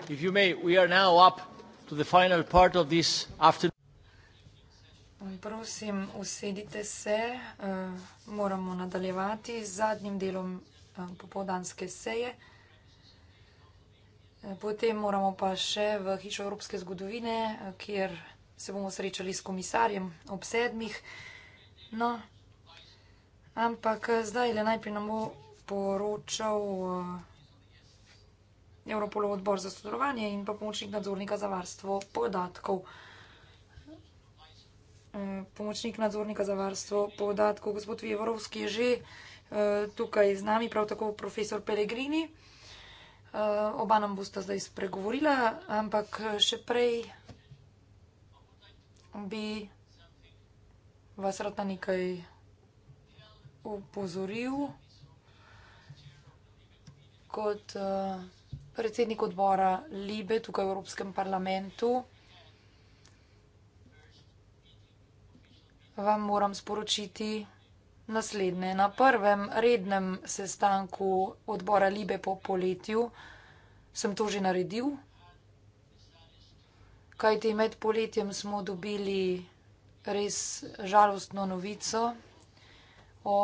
if you may, we are now up to the final part of this afternoon. Prosim, usedite se, eh, moramo nadaljevati z zadnjim delom eh, popovdanske seje. Eh, potem moramo pa še v Hišo Evropske zgodovine, kjer se bomo srečali s komisarjem ob sedmih. No, ampak zdaj le najprej nam bo poročal Evropolov eh, odbor za sodelovanje in pa pomočnik nadzornika za varstvo podatkov. Eh, pomočnik nadzornika za varstvo podatkov, gospod Vjevorovski, je že eh, tukaj z nami, prav tako profesor Pelegrini. Oba nam bosta zdaj spregovorila, ampak še prej bi vas rad na nekaj upozoril kot uh, predsednik odbora Libe tukaj v Evropskem parlamentu vam moram sporočiti naslednje. Na prvem rednem sestanku odbora Libe po poletju sem to že naredil, kajti med poletjem smo dobili res žalostno novico o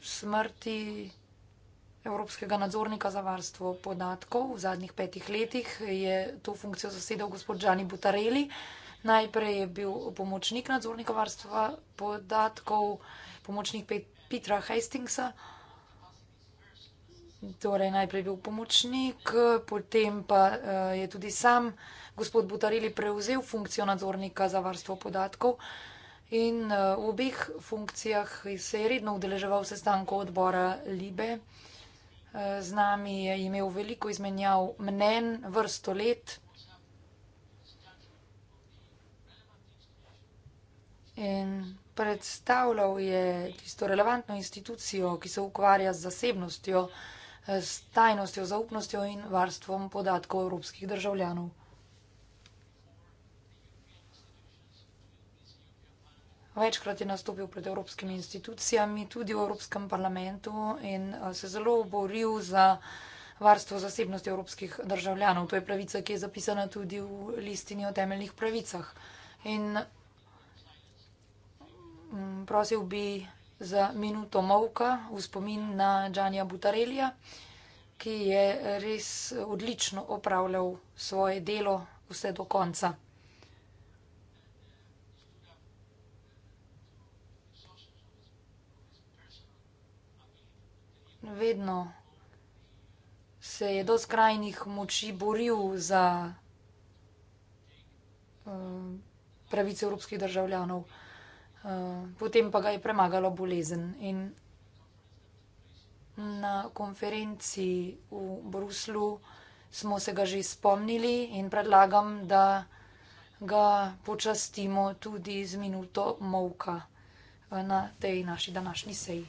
smrti Evropskega nadzornika za varstvo podatkov v zadnjih petih letih je to funkcijo zasedal gospod Džani Butareli. Najprej je bil pomočnik nadzornika varstva podatkov, pomočnik Pet Petra Hastingsa. Torej, najprej je bil pomočnik, potem pa eh, je tudi sam gospod Butareli prevzel funkcijo nadzornika za varstvo podatkov. In eh, v obeh funkcijah se je redno udeleževal sestankov odbora Libe z nami je imel veliko izmenjav mnen vrsto let. In predstavljal je tisto relevantno institucijo, ki se ukvarja z zasebnostjo, s tajnostjo, zaupnostjo in varstvom podatkov evropskih državljanov. Večkrat je nastopil pred evropskimi institucijami, tudi v Evropskem parlamentu in eh, se zelo boril za varstvo zasebnosti evropskih državljanov. To je pravica, ki je zapisana tudi v listini o temeljnih pravicah. In mm, prosil bi za minuto mavka v spomin na Džanja Butarelija, ki je res odlično opravljal svoje delo vse do konca. vedno se je do skrajnih moči boril za uh, pravice evropskih državljanov, uh, potem pa ga je premagala bolezen. In na konferenci v Bruslu smo se ga že spomnili in predlagam, da ga počastimo tudi z minuto molka eh, na tej naši današnji seji.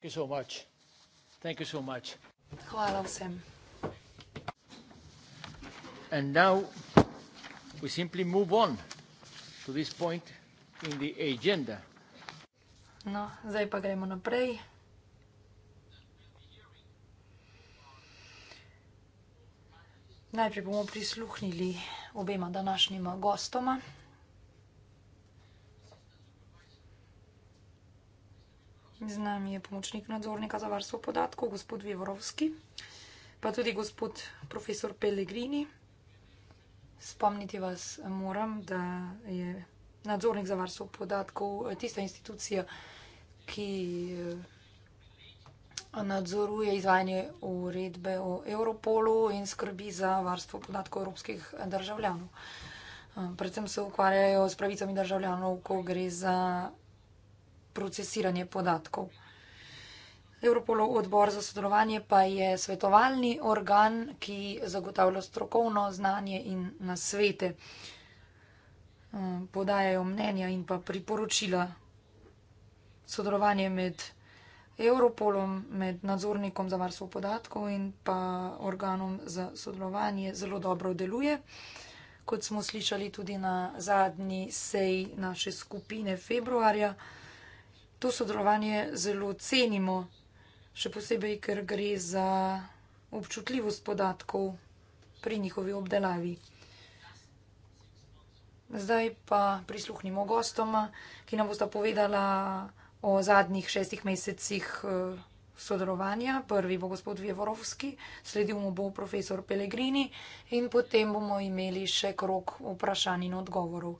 Hvala vsem. And now we simply move on to this point in the agenda. No, zdaj pa gremo naprej. Najprej bomo prisluhnili obema današnjima gostoma, Z nami je pomočnik nadzornika za varstvo podatkov, gospod Vivorovski, pa tudi gospod profesor Pellegrini. Spomniti vas moram, da je nadzornik za varstvo podatkov tista institucija, ki eh, nadzoruje izvajanje uredbe o Europolu in skrbi za varstvo podatkov evropskih državljanov. Eh, predvsem se ukvarjajo s pravicami državljanov, ko gre za procesiranje podatkov. Evropolov odbor za sodelovanje pa je svetovalni organ, ki zagotavlja strokovno znanje in nasvete, podajajo mnenja in pa priporočila. Sodelovanje med Evropolom, med nadzornikom za varstvo podatkov in pa organom za sodelovanje zelo dobro deluje. Kot smo slišali tudi na zadnji seji naše skupine februarja, to sodelovanje zelo cenimo, še posebej, ker gre za občutljivost podatkov pri njihovi obdelavi. Zdaj pa prisluhnimo gostom, ki nam bosta povedala o zadnjih šestih mesecih eh, sodelovanja. Prvi bo gospod Vjevorovski, sledil mu bo profesor Pelegrini in potem bomo imeli še krok vprašanj in odgovorov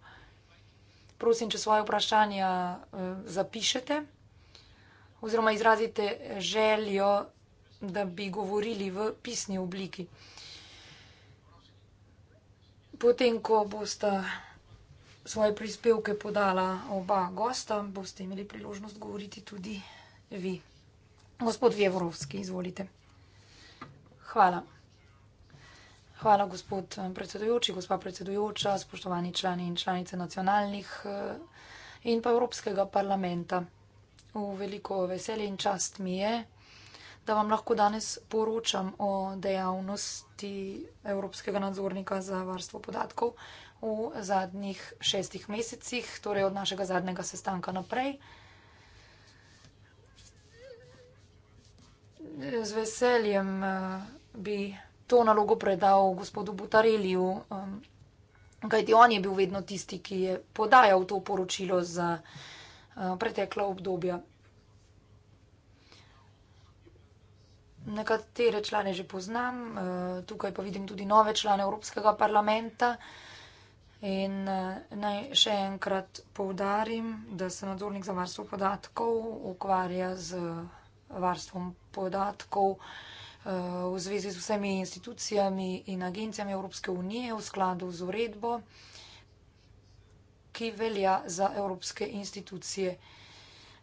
prosim, če svoje vprašanja eh, zapišete oziroma izrazite željo, da bi govorili v pisni obliki. Potem, ko boste svoje prispevke podala oba gosta, boste imeli priložnost govoriti tudi vi. Gospod Vjevorovski, izvolite. Hvala. Hvala, gospod eh, predsedujoči, gospa predsedujoča, spoštovani člani in članice nacionalnih eh, in pa Evropskega parlamenta. V veliko veselje in čast mi je, da vam lahko danes poročam o dejavnosti Evropskega nadzornika za varstvo podatkov v zadnjih šestih mesecih, torej od našega zadnjega sestanka naprej. Z veseljem eh, bi to nalogo predal gospodu Butareliju, um, kajti on je bil vedno tisti, ki je podajal to poročilo za uh, pretekla obdobja. Nekatere člane že poznam, uh, tukaj pa vidim tudi nove člane Evropskega parlamenta. In uh, naj še enkrat povdarim, da se nadzornik za varstvo podatkov ukvarja z varstvom podatkov uh, v zvezi z vsemi institucijami in agencijami Evropske unije v skladu z uredbo, ki velja za evropske institucije.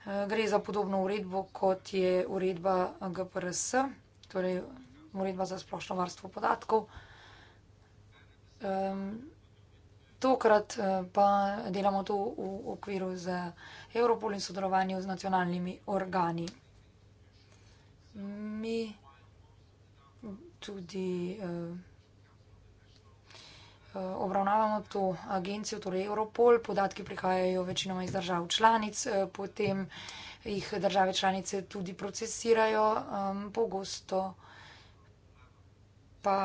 Gre za podobno uredbo, kot je uredba GPRS, torej uredba za splošno varstvo podatkov. Tokrat eh, pa delamo to v okviru z Evropol in sodelovanju z nacionalnimi organi. Mi tudi eh, eh, obravnavamo to agencijo, torej Europol. Podatki prihajajo večinoma iz držav članic, eh, potem jih države članice tudi procesirajo, pogosto pa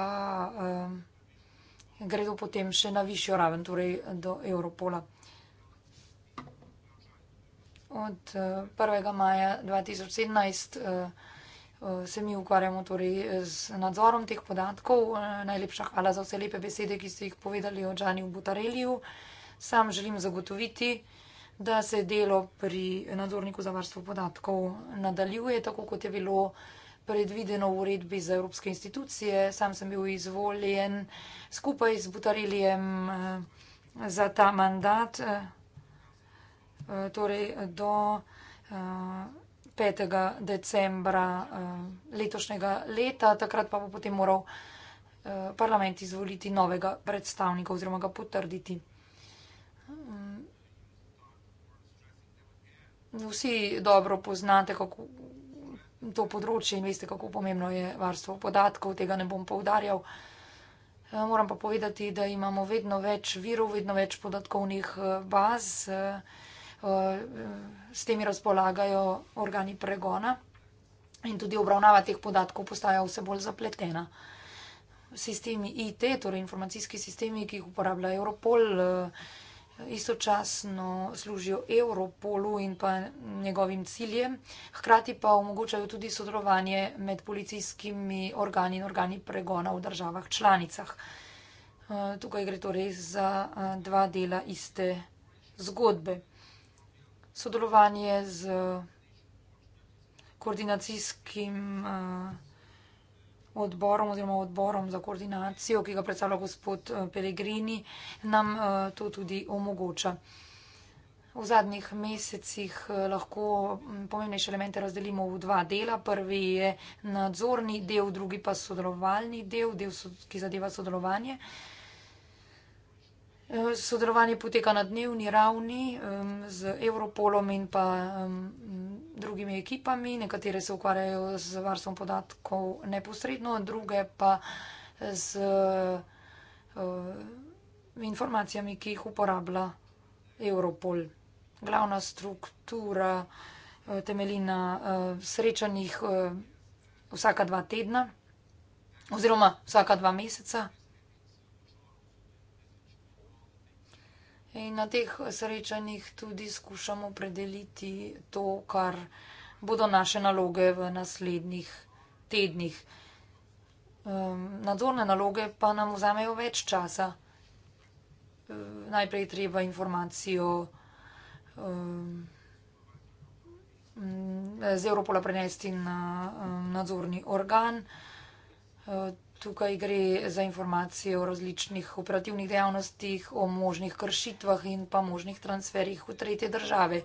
gredo potem še na višjo raven, torej do Europola. Od 1. maja 2017 Eh, se mi ukvarjamo torej eh, z nadzorom teh podatkov. Eh, najlepša hvala za vse lepe besede, ki ste jih povedali o Džaniju Butareliju. Sam želim zagotoviti, da se delo pri nadzorniku za varstvo podatkov nadaljuje, tako kot je bilo predvideno v uredbi za evropske institucije. Sam sem bil izvoljen skupaj z Butareljem za ta mandat, torej do 5. decembra eh, letošnjega leta, takrat pa bo potem moral eh, parlament izvoliti novega predstavnika oziroma ga potrditi. Mm. Vsi dobro poznate kako, to področje in veste, kako pomembno je varstvo podatkov, tega ne bom povdarjal. Eh, moram pa povedati, da imamo vedno več virov, vedno več podatkovnih baz. Eh, s temi razpolagajo organi pregona in tudi obravnava teh podatkov postaja vse bolj zapletena. Sistemi IT, torej informacijski sistemi, ki jih uporablja Europol, eh, istočasno služijo Europolu in pa njegovim ciljem, hkrati pa omogočajo tudi sodelovanje med policijskimi organi in organi pregona v državah članicah. Eh, tukaj gre torej za dva dela iste zgodbe sodelovanje z koordinacijskim eh, odborom oziroma odborom za koordinacijo, ki ga predstavlja gospod eh, Pelegrini, nam eh, to tudi omogoča. V zadnjih mesecih lahko mm, pomembnejše elemente razdelimo v dva dela. Prvi je nadzorni del, drugi pa sodelovalni del, del, ki zadeva sodelovanje. Sodelovanje poteka na dnevni ravni z Europolom in pa drugimi ekipami. Nekatere se ukvarjajo z varstvom podatkov neposredno, druge pa z eh, informacijami, ki jih uporablja Europol. Glavna struktura eh, temelji na eh, srečanjih vsaka dva tedna oziroma vsaka dva meseca. In na teh srečanjih tudi skušamo predeliti to, kar bodo naše naloge v naslednjih tednih. Ehm, nadzorne naloge pa nam vzamejo več časa. Ehm, najprej treba informacijo ehm, z Evropola prenesti na nadzorni organ. Tukaj gre za informacije o različnih operativnih dejavnostih, o možnih kršitvah in pa možnih transferjih v tretje države.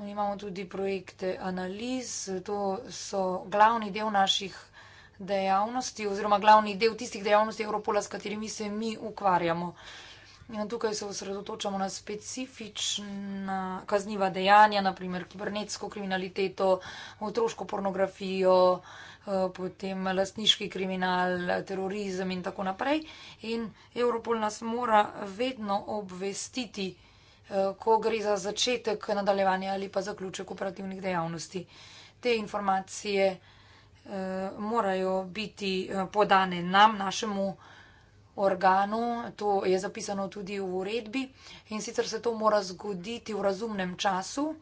Imamo tudi projekte analiz, to so glavni del naših dejavnosti oziroma glavni del tistih dejavnosti Europola, s katerimi se mi ukvarjamo. Ja, tukaj se osredotočamo na specifična kazniva dejanja, naprimer kibernetsko kriminaliteto, otroško pornografijo, eh, potem lastniški kriminal, terorizem in tako naprej. In Europol nas mora vedno obvestiti, eh, ko gre za začetek nadaljevanja ali pa zaključek operativnih dejavnosti. Te informacije eh, morajo biti podane nam, našemu organu, to je zapisano tudi v uredbi in sicer se to mora zgoditi v razumnem času.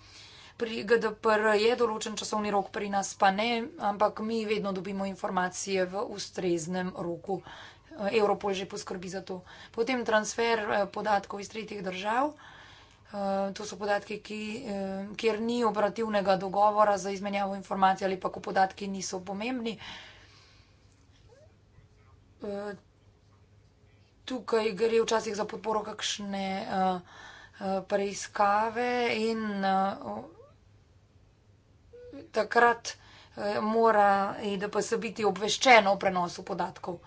Pri GDPR je določen časovni rok, pri nas pa ne, ampak mi vedno dobimo informacije v ustreznem roku. Eh, Europol že poskrbi za to. Potem transfer eh, podatkov iz tretjih držav. Eh, to so podatki, ki, kjer ni operativnega dogovora za izmenjavo informacij ali pa ko podatki niso pomembni tukaj gre včasih za podporo kakšne uh, uh, preiskave in uh, takrat uh, mora IDPS e biti obveščeno o prenosu podatkov.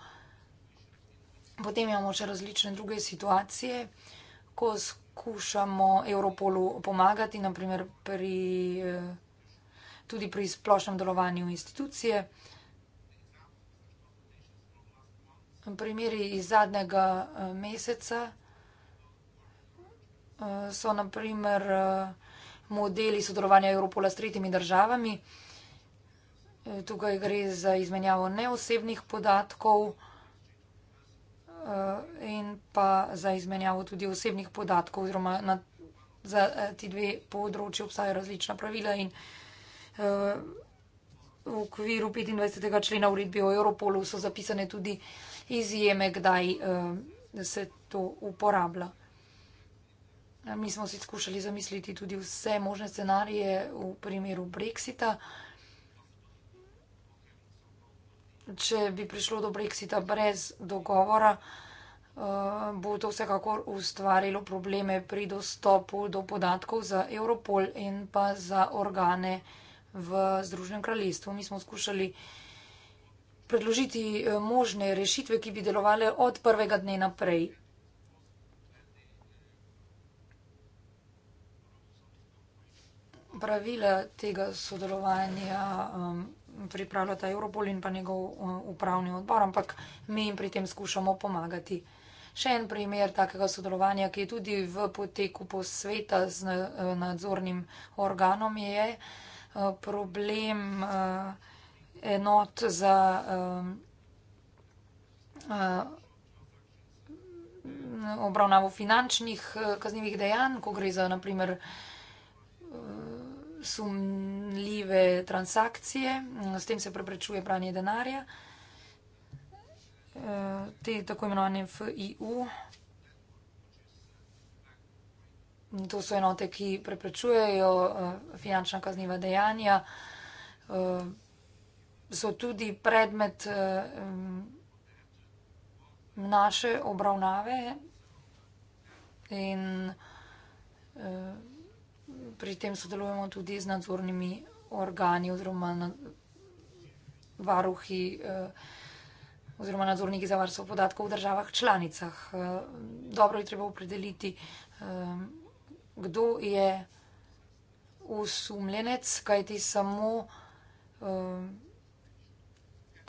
Potem imamo še različne druge situacije, ko skušamo Europolu pomagati, naprimer pri, tudi pri splošnem delovanju institucije. Uh, Primeri iz zadnjega eh, meseca eh, so naprimer eh, modeli sodelovanja Europola s tretjimi državami. Tukaj gre za izmenjavo neosebnih podatkov in pa za izmenjavo tudi osebnih podatkov oziroma na, za ti dve področji obstajajo različna pravila in v okviru 25. člena uredbe o Europolu so zapisane tudi izjeme, kdaj eh, se to uporablja. Eh, mi smo si skušali zamisliti tudi vse možne scenarije v primeru Brexita. Če bi prišlo do Brexita brez dogovora, eh, bo to vsekakor ustvarilo probleme pri dostopu do podatkov za Europol in pa za organe v Združenem kraljestvu. Mi smo skušali izjeme, predložiti eh, možne rešitve, ki bi delovali od prvega dne naprej. Pravila tega sodelovanja eh, pripravljata Europol in pa njegov eh, upravni odbor, ampak mi jim pri tem skušamo pomagati. Še en primer takega sodelovanja, ki je tudi v poteku posveta z nadzornim organom, je problem. Uh, enot za um, uh, obravnavo finančnih uh, kaznjivih dejanj, ko gre za naprimer uh, sumljive transakcije, s tem se preprečuje pranje denarja, te tako imenovane FIU. To so enote, ki preprečujejo finančna kazniva dejanja, so tudi predmet um, naše obravnave in um, pri tem sodelujemo tudi z nadzornimi organi oziroma varuhi um, oziroma nadzorniki za varstvo podatkov v državah članicah. Um, dobro je treba opredeliti, um, kdo je osumljenec, kajti samo um,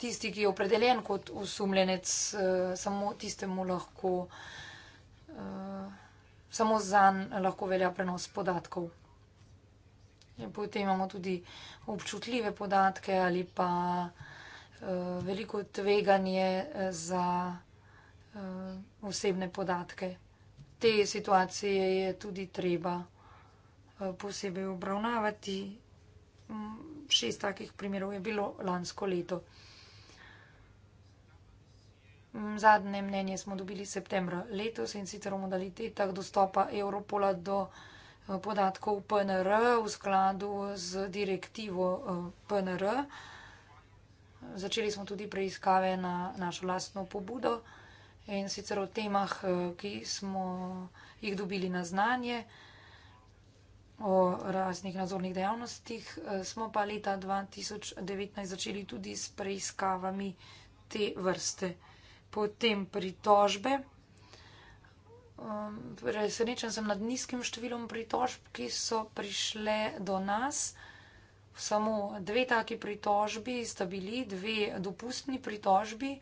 tisti, ki je opredeljen kot usumljenec, eh, samo tistemu lahko, eh, samo zanj lahko velja prenos podatkov. In potem imamo tudi občutljive podatke ali pa eh, veliko tveganje za osebne podatke. Te situacije je tudi treba posebej obravnavati. Mm, šest takih primerov je bilo lansko leto. Mm, zadnje mnenje smo dobili septembra letos in sicer o modalitetah dostopa Europola do eh, podatkov PNR v skladu z direktivo eh, PNR. Začeli smo tudi preiskave na našo lastno pobudo in sicer o temah, eh, ki smo jih dobili na znanje, o raznih nadzornih dejavnostih. Smo pa leta 2019 začeli tudi s preiskavami te vrste potem pritožbe. Presenečen um, torej, sem nad nizkim številom pritožb, ki so prišle do nas. Samo dve taki pritožbi sta bili, dve dopustni pritožbi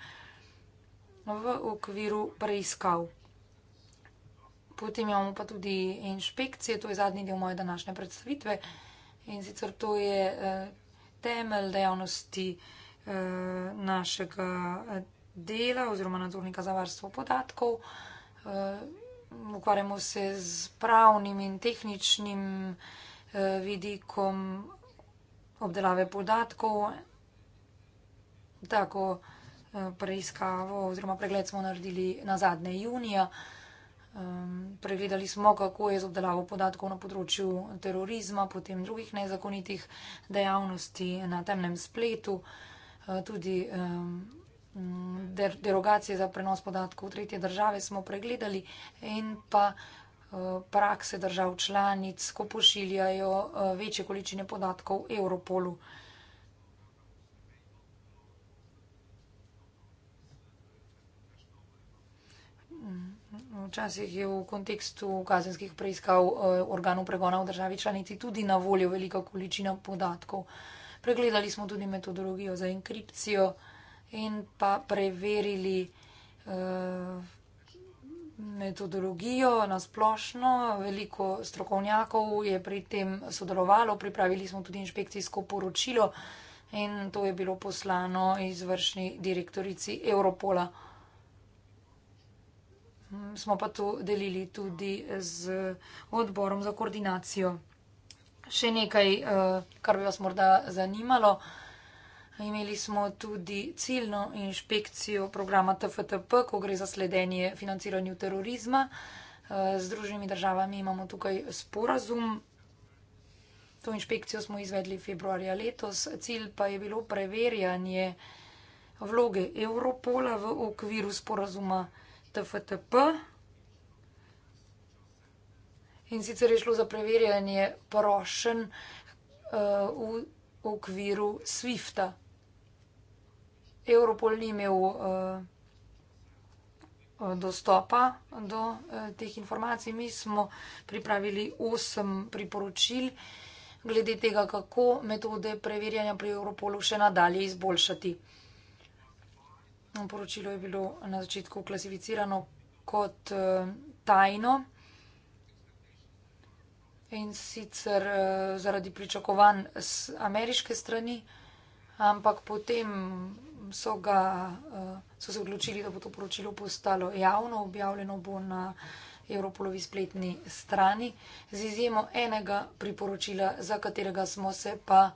v okviru preiskav. Potem imamo pa tudi inšpekcije, to je zadnji del moje današnje predstavitve in sicer to je eh, temelj dejavnosti eh, našega dela oziroma nadzornika za varstvo podatkov. Eh, ukvarjamo se z pravnim in tehničnim eh, vidikom obdelave podatkov. Tako eh, preiskavo oziroma pregled smo naredili na zadnje junija. Pregledali smo, kako je z obdelavo podatkov na področju terorizma, potem drugih nezakonitih dejavnosti na temnem spletu, tudi Mm, derogacije za prenos podatkov v tretje države smo pregledali in pa eh, prakse držav članic, ko pošiljajo eh, večje količine podatkov v Europolu. Mm, včasih je v kontekstu kazenskih preiskav eh, organov pregona v državi članici tudi na voljo velika količina podatkov. Pregledali smo tudi metodologijo za enkripcijo in pa preverili eh, metodologijo na splošno. Veliko strokovnjakov je pri tem sodelovalo, pripravili smo tudi inšpekcijsko poročilo in to je bilo poslano izvršni direktorici Europola. Mm, smo pa to delili tudi z odborom za koordinacijo. Še nekaj, eh, kar bi vas morda zanimalo. Imeli smo tudi ciljno inšpekcijo programa TFTP, ko gre za sledenje financiranju terorizma. Eh, z druženimi državami imamo tukaj sporazum. To inšpekcijo smo izvedli februarja letos. Cilj pa je bilo preverjanje vloge Evropola v okviru sporazuma TFTP. In sicer je šlo za preverjanje prošen eh, v okviru SWIFT-a. Europol ni imel eh, eh, dostopa do eh, teh informacij. Mi smo pripravili osem priporočil glede tega, kako metode preverjanja pri Europolu še nadalje izboljšati. No, poročilo je bilo na začetku klasificirano kot tajno in sicer zaradi pričakovanj z ameriške strani, ampak potem so, ga, eh, so se odločili, da bo to poročilo postalo javno, objavljeno bo na Europolovi spletni strani, z izjemo enega priporočila, za katerega smo se pa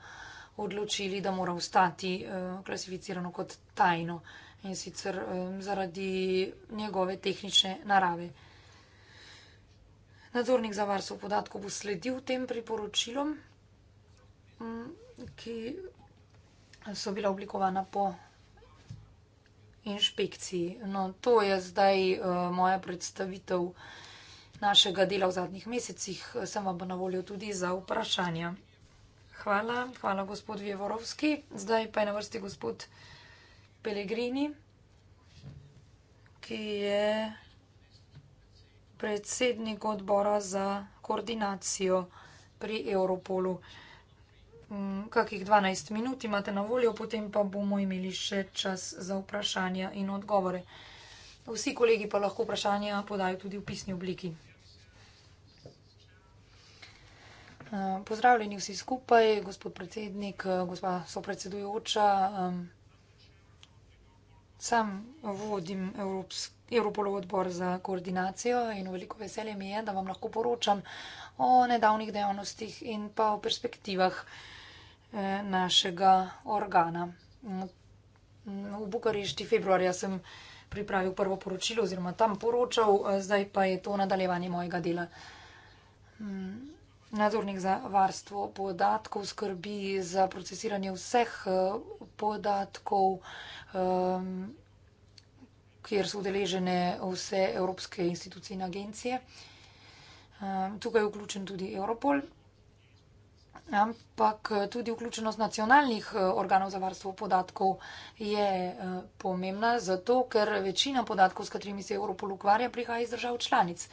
odločili, da mora ostati eh, klasificirano kot tajno in sicer eh, zaradi njegove tehnične narave. Nadzornik za varstvo podatkov bo sledil tem priporočilom, mm, ki so bila oblikovana po inšpekciji. No, to je zdaj uh, moja predstavitev našega dela v zadnjih mesecih. Sem vam na voljo tudi za vprašanja. Hvala, hvala gospod Vjevorovski. Zdaj pa je na vrsti gospod Pelegrini, ki je predsednik odbora za koordinacijo pri Europolu. Uh, Mm, kakih 12 minut imate na voljo, potem pa bomo imeli še čas za vprašanja in odgovore. Vsi kolegi pa lahko vprašanja podajo tudi v pisni obliki. Eh, pozdravljeni vsi skupaj, gospod predsednik, eh, gospa sopredsedujoča. Sam vodim Evropolo odbor za koordinacijo in veliko veselje mi je, da vam lahko poročam o nedavnih dejavnostih in pa o perspektivah. Eh, našega organa. V Bukarešti februarja sem pripravil prvo poročilo oziroma tam poročal, eh, zdaj pa je to nadaljevanje mojega dela. Mm, nadzornik za varstvo podatkov skrbi za procesiranje vseh eh, podatkov, ehm, kjer so udeležene vse evropske institucije in agencije. Ehm, tukaj je vključen tudi Europol ampak eh, tudi vključenost nacionalnih eh, organov za varstvo podatkov je eh, pomembna, zato ker večina podatkov, s katerimi se Evropol ukvarja, prihaja iz držav članic.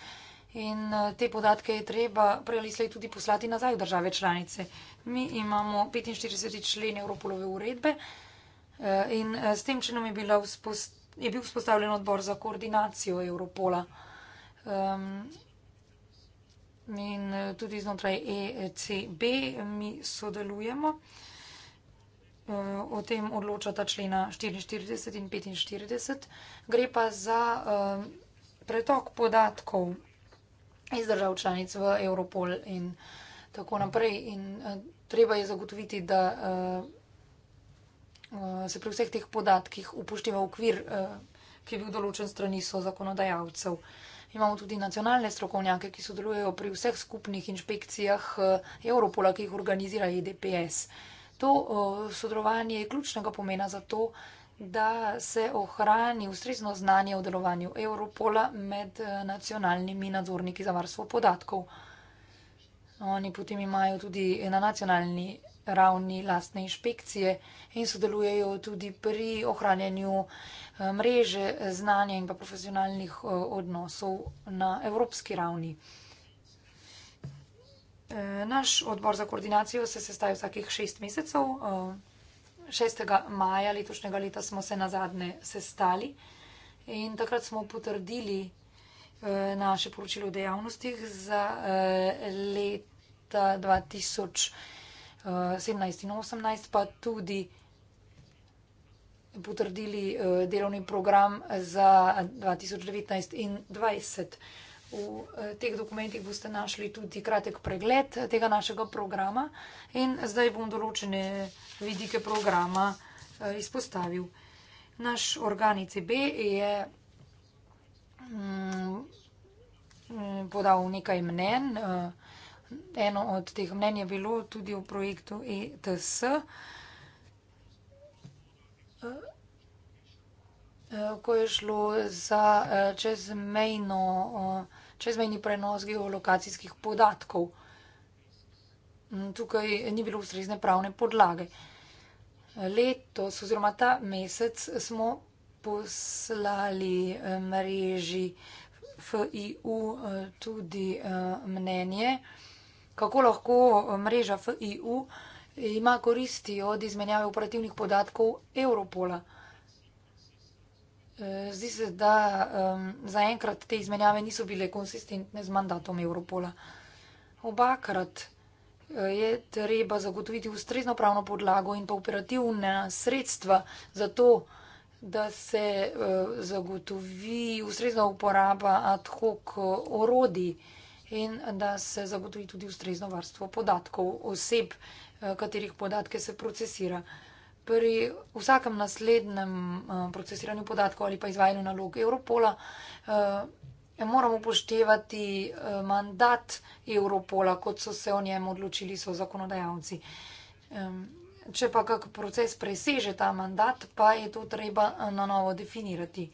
In te podatke je treba prelislej tudi poslati nazaj v države članice. Mi imamo 45 člen Evropolove uredbe in s tem členom je, vzpost, je bil vzpostavljen odbor za koordinacijo Evropola. Ehm, in eh, tudi znotraj ECB mi sodelujemo. Eh, o tem odločata člena 44 in 45. Gre pa za eh, pretok podatkov iz držav članic v Europol in tako naprej. In treba je zagotoviti, da se pri vseh teh podatkih upošteva okvir, ki je bil določen strani so zakonodajalcev. Imamo tudi nacionalne strokovnjake, ki sodelujejo pri vseh skupnih inšpekcijah Evropola, eh, ki jih organizira EDPS. To eh, sodelovanje je ključnega pomena za to, da se ohrani ustrezno znanje o delovanju Evropola med eh, nacionalnimi nadzorniki za varstvo podatkov. Oni potem imajo tudi na nacionalni ravni lastne inšpekcije in sodelujejo tudi pri ohranjanju eh, mreže znanja in pa profesionalnih eh, odnosov na evropski ravni. Eh, naš odbor za koordinacijo se sestaja vsakih šest mesecev. 6. maja letošnjega leta smo se na zadnje sestali in takrat smo potrdili naše poročilo o dejavnostih za leta 2020. 17 in 18 pa tudi potrdili eh, delovni program za 2019 in 2020. V eh, teh dokumentih boste našli tudi kratek pregled eh, tega našega programa in zdaj bom določene vidike programa izpostavil. Naš organ ICB e je mm, mm, podal nekaj mnen, nekaj mnen, Eno od teh mnenj je bilo tudi v projektu ETS, eh, eh, ko je šlo za eh, čezmejno, čezmejni prenos geolokacijskih podatkov. Mm, tukaj ni bilo ustrezne pravne podlage. Letos oziroma ta mesec smo poslali mreži FIU tudi mnenje, ki je bilo kako lahko eh, mreža FIU eh, ima koristi od izmenjave operativnih podatkov Europola. Eh, zdi se, da um, zaenkrat te izmenjave niso bile konsistentne z mandatom Europola. Obakrat je treba zagotoviti ustrezno pravno podlago in pa operativna sredstva za to, da se uh, zagotovi ustrezna uporaba ad hoc orodij. Uh, in da se zagotovi tudi ustrezno varstvo podatkov oseb, eh, katerih podatke se procesira. Pri vsakem naslednjem eh, procesiranju podatkov ali pa izvajanju nalog Europola eh, moramo upoštevati mandat Europola, kot so se o njem odločili so zakonodajalci. Če pa kak proces preseže ta mandat, pa je to treba na novo definirati.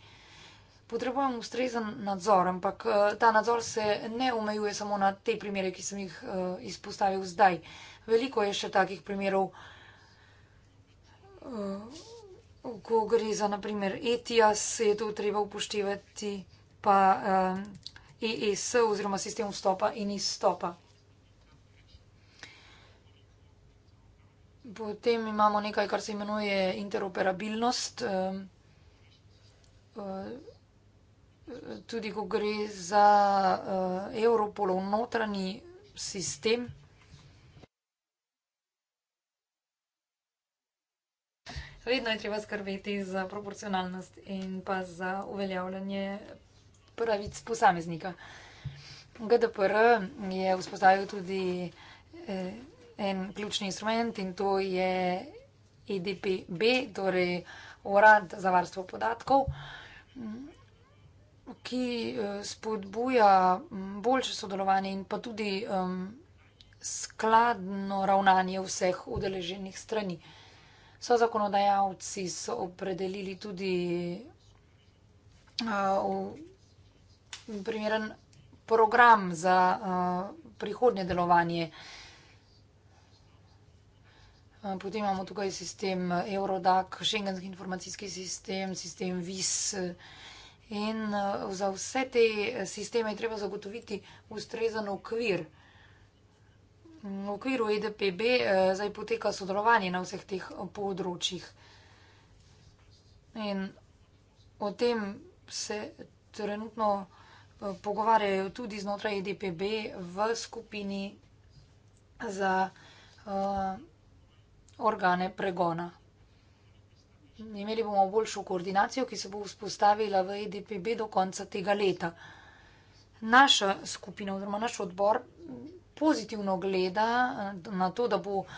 Potrebujem ustrezen nadzor, ampak eh, ta nadzor se ne omejuje samo na te primere, ki sem jih eh, izpostavil zdaj. Veliko je še takih primerov, eh, ko gre za naprimer ETIAS, je to treba upoštevati, pa EES e oziroma sistem vstopa in izstopa. Potem imamo nekaj, kar se imenuje interoperabilnost tudi ko gre za uh, Europolov notranji sistem. Vedno je treba skrbeti za proporcionalnost in pa za uveljavljanje pravic posameznika. GDPR je vzpostavil tudi eh, en ključni instrument in to je EDPB, torej Urad za varstvo podatkov ki eh, spodbuja mm, boljše sodelovanje in pa tudi um, skladno ravnanje vseh udeleženih strani. So zakonodajalci so opredelili tudi uh, primeren program za uh, prihodnje delovanje. Potem imamo tukaj sistem Eurodac, šengenski informacijski sistem, sistem VIS. Uh, In eh, za vse te eh, sisteme je treba zagotoviti ustrezen okvir. V okviru EDPB eh, zdaj poteka sodelovanje na vseh teh področjih. In o tem se trenutno pogovarjajo tudi znotraj EDPB v skupini za organe pregona imeli bomo boljšo koordinacijo, ki se bo vzpostavila v EDPB do konca tega leta. Naša skupina oziroma naš odbor pozitivno gleda eh, na to, da bo uh,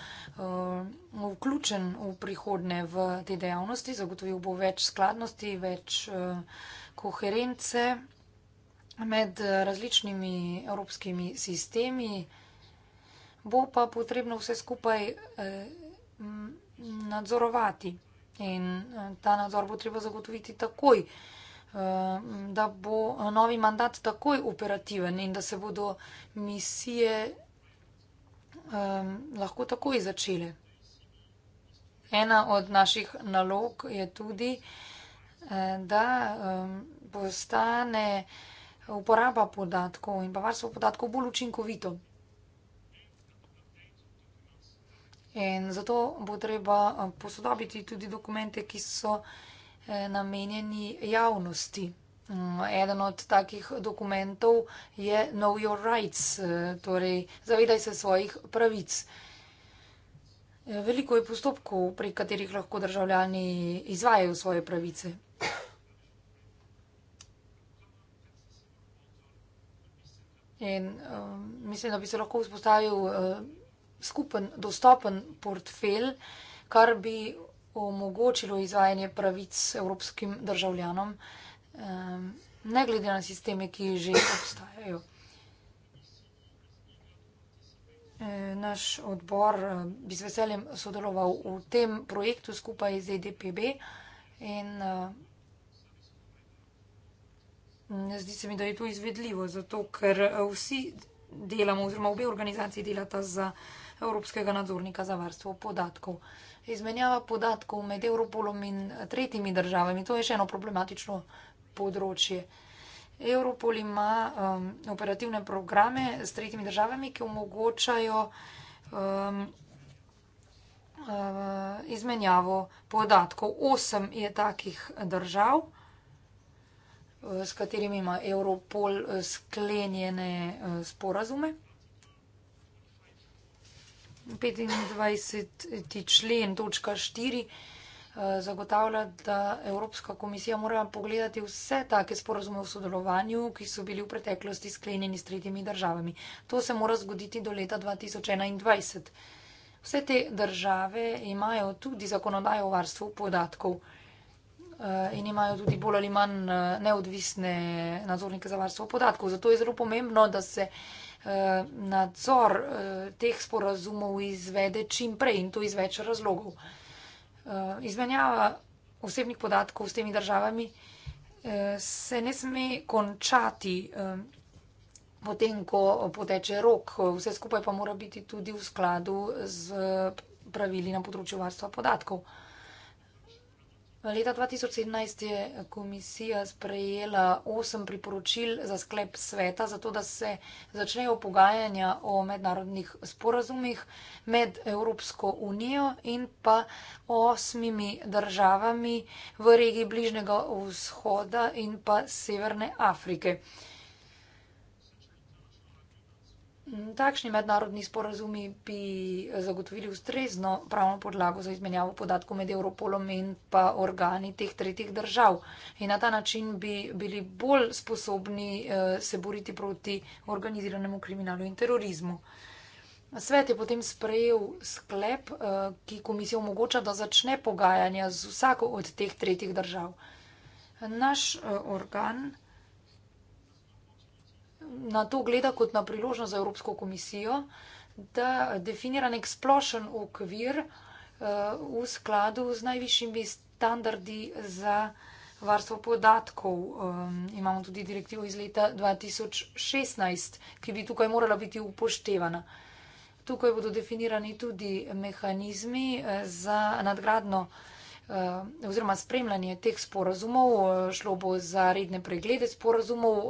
vključen v prihodne v te dejavnosti, zagotovil bo več skladnosti, več uh, koherence med različnimi evropskimi sistemi. Bo pa potrebno vse skupaj uh, nadzorovati. In eh, ta nadzor bo treba zagotoviti takoj, eh, da bo novi mandat takoj operativen in da se bodo misije eh, lahko takoj začele. Ena od naših nalog je tudi, da postane uporaba podatkov in pa varstvo podatkov bolj učinkovito. In zato bo treba eh, posodobiti tudi dokumente, ki so eh, namenjeni javnosti. Mm, eden od takih dokumentov je Know Your Rights, eh, torej zavedaj se svojih pravic. Veliko je postopkov, pri katerih lahko državljani izvajajo svoje pravice. In, um, mislim, da bi se lahko vzpostavil. Uh, skupen, dostopen portfelj, kar bi omogočilo izvajanje pravic evropskim državljanom, ehm, ne glede na sisteme, ki že obstajajo. Eh, naš odbor eh, bi z veseljem sodeloval v tem projektu skupaj z EDPB in eh, zdi se mi, da je to izvedljivo, zato ker vsi delamo oziroma obe organizaciji delata za vsega, Evropskega nadzornika za varstvo podatkov. Izmenjava podatkov med Europolom in tretjimi državami, to je še eno problematično področje. Europol ima um, operativne programe s tretjimi državami, ki omogočajo um, uh, izmenjavo podatkov. Osem je takih držav, uh, s katerimi ima Europol uh, sklenjene uh, sporazume. 25. člen, točka 4, eh, zagotavlja, da Evropska komisija mora pogledati vse take sporozume o sodelovanju, ki so bili v preteklosti sklenjeni s tretjimi državami. To se mora zgoditi do leta 2021. Vse te države imajo tudi zakonodajo o varstvu podatkov eh, in imajo tudi bolj ali manj eh, neodvisne nadzornike za varstvo podatkov. Zato je zelo pomembno, da se Eh, nadzor eh, teh sporazumov izvede čim prej in to iz več razlogov. Eh, izmenjava osebnih podatkov s temi državami se ne sme končati potem, ko poteče rok. Vse skupaj pa mora biti tudi v skladu z pravili na področju varstva podatkov. Leta 2017 je komisija sprejela osem priporočil za sklep sveta, zato da se začnejo pogajanja o mednarodnih sporazumih med Evropsko unijo in pa osmimi državami v regiji Bližnjega vzhoda in pa Severne Afrike. Takšni mednarodni sporazumi bi zagotovili ustrezno pravno podlago za izmenjavo podatkov med Europolom in pa organi teh tretjih držav. In na ta način bi bili bolj sposobni eh, se boriti proti organiziranemu kriminalu in terorizmu. Svet je potem sprejel sklep, eh, ki komisijo omogoča, da začne pogajanja z vsako od teh tretjih držav. Naš eh, organ na to gleda kot na priložnost za Evropsko komisijo, da definira nek splošen okvir eh, v skladu z najvišjimi standardi za varstvo podatkov. Imamo tudi direktivo iz leta 2016, ki bi tukaj morala biti upoštevana. Tukaj bodo definirani tudi mehanizmi eh, za nadgradno eh, oziroma spremljanje teh sporazumov. Šlo bo za redne preglede sporazumov,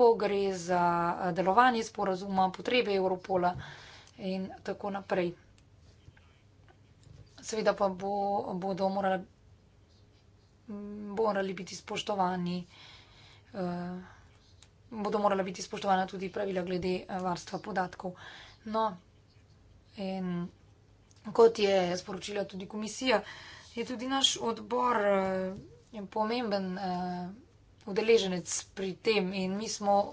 ko gre za eh, delovanje sporazuma, potrebe Evropola in tako naprej. Seveda pa bo, bodo morali, morali biti spoštovani. Uh, bodo morala biti spoštovana tudi pravila glede eh, varstva podatkov. No, in kot je sporočila tudi komisija, je tudi naš odbor pomemben udeleženec pri tem in mi smo eh,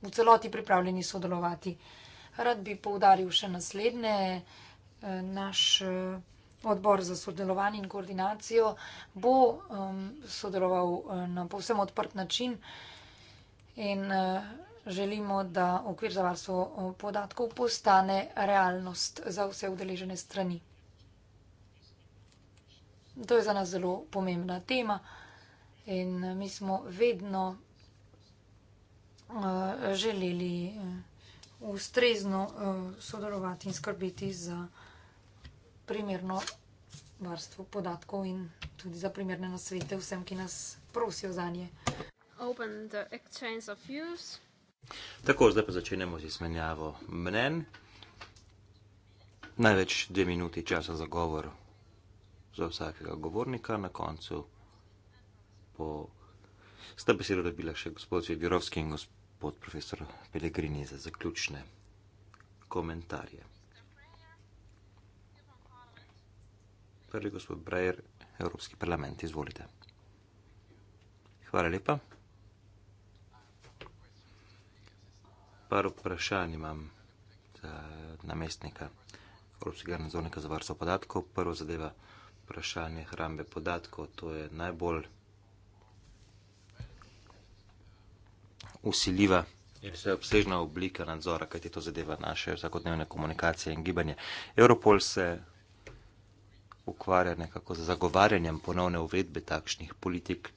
v celoti pripravljeni sodelovati. Rad bi povdaril še naslednje. Eh, naš eh, odbor za sodelovanje in koordinacijo bo sodeloval na povsem odprt način in želimo, da okvir za varstvo podatkov postane realnost za vse udeležene strani. To je za nas zelo pomembna tema in eh, mi smo vedno eh, želeli eh, ustrezno sodelovati in skrbeti za primerno varstvo podatkov in tudi za primerne nasvete vsem, ki nas prosijo za nje. Tako, zdaj pa začenjamo z izmenjavo mnen. Največ dve minuti časa za govor za vsakega govornika, na koncu lepo. Sta beseda, da bi lahko še gospod Jedirovski in gospod profesor Pelegrini za zaključne komentarje. Prvi gospod Brejer, Evropski parlament, izvolite. Hvala lepa. Par vprašanj imam za namestnika Evropskega nadzornika za varstvo podatkov. Prvo zadeva vprašanje hrambe podatkov, to je najbolj. usiljiva. Vse je obsežna oblika nadzora, kaj ti to zadeva naše vsakodnevne komunikacije in gibanje. Europol se ukvarja nekako z zagovarjanjem ponovne uvedbe takšnih politik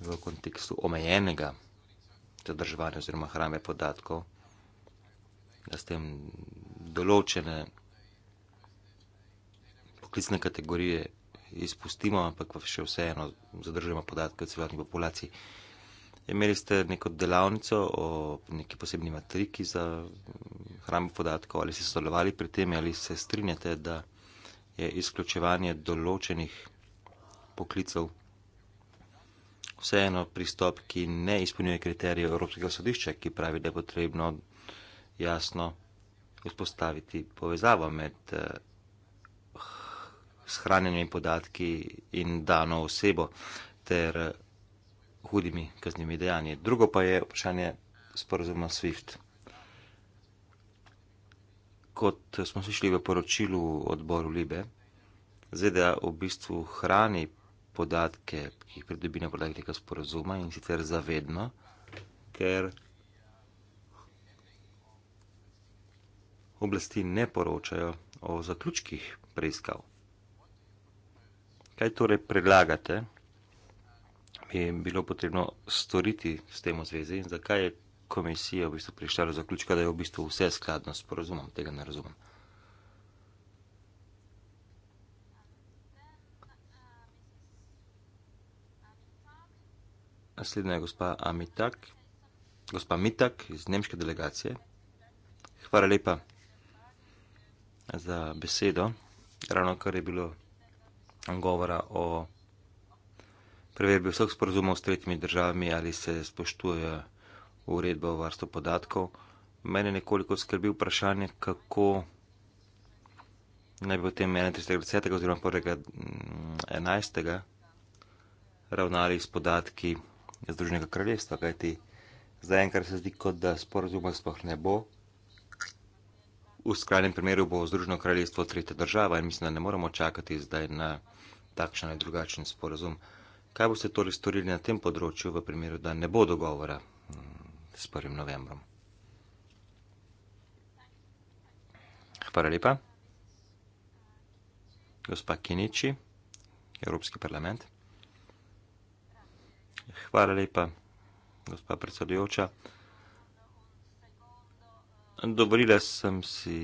v kontekstu omejenega zadrževanja oziroma hrame podatkov, da s tem določene poklicne kategorije izpustimo, ampak pa še vseeno zadržujemo podatke o celotni populaciji. Imeli ste neko delavnico o neki posebni matriki za hrambo podatkov, ali ste sodelovali pri tem, ali se strinjate, da je izključevanje določenih poklicev vseeno pristop, ki ne izpolnjuje kriterije Evropskega sodišča, ki pravi, da je potrebno jasno vzpostaviti povezavo med eh, shranjenimi podatki in dano osebo ter hudimi kaznjimi dejanji. Drugo pa je vprašanje sporozuma SWIFT. Kot smo slišali v poročilu odboru Libe, ZDA v bistvu hrani podatke, ki jih pridobi na podlagi tega sporozuma in sicer zavedno, ker oblasti ne poročajo o zaključkih preiskav. Kaj torej predlagate je bilo potrebno storiti s tem v zvezi in zakaj je komisija v bistvu prišla do zaključka, da je v bistvu vse skladno s porozumom, tega ne razumem. Naslednja je gospa Amitak, gospa Mitak iz nemške delegacije. Hvala lepa za besedo. Ravno kar je bilo govora o preverbi vseh sporozumov s tretjimi državami, ali se spoštuje uredba o varstvu podatkov. Mene nekoliko skrbi vprašanje, kako naj bi v tem 31.10. oziroma 1.11. Mm, ravnali s podatki Združenega kraljestva, kajti zaenkrat se zdi, kot da sporozuma sploh ne bo. V skrajnem primeru bo Združeno kraljestvo tretja država in mislim, da ne moramo čakati zdaj na takšen ali drugačen sporozum. Kaj boste torej storili na tem področju, v primeru, da ne bo dogovora mm, s 1. novembrom? Hvala lepa. Gospa Kiniči, Evropski parlament. Hvala lepa, gospa predsedujoča. Dovolila sem si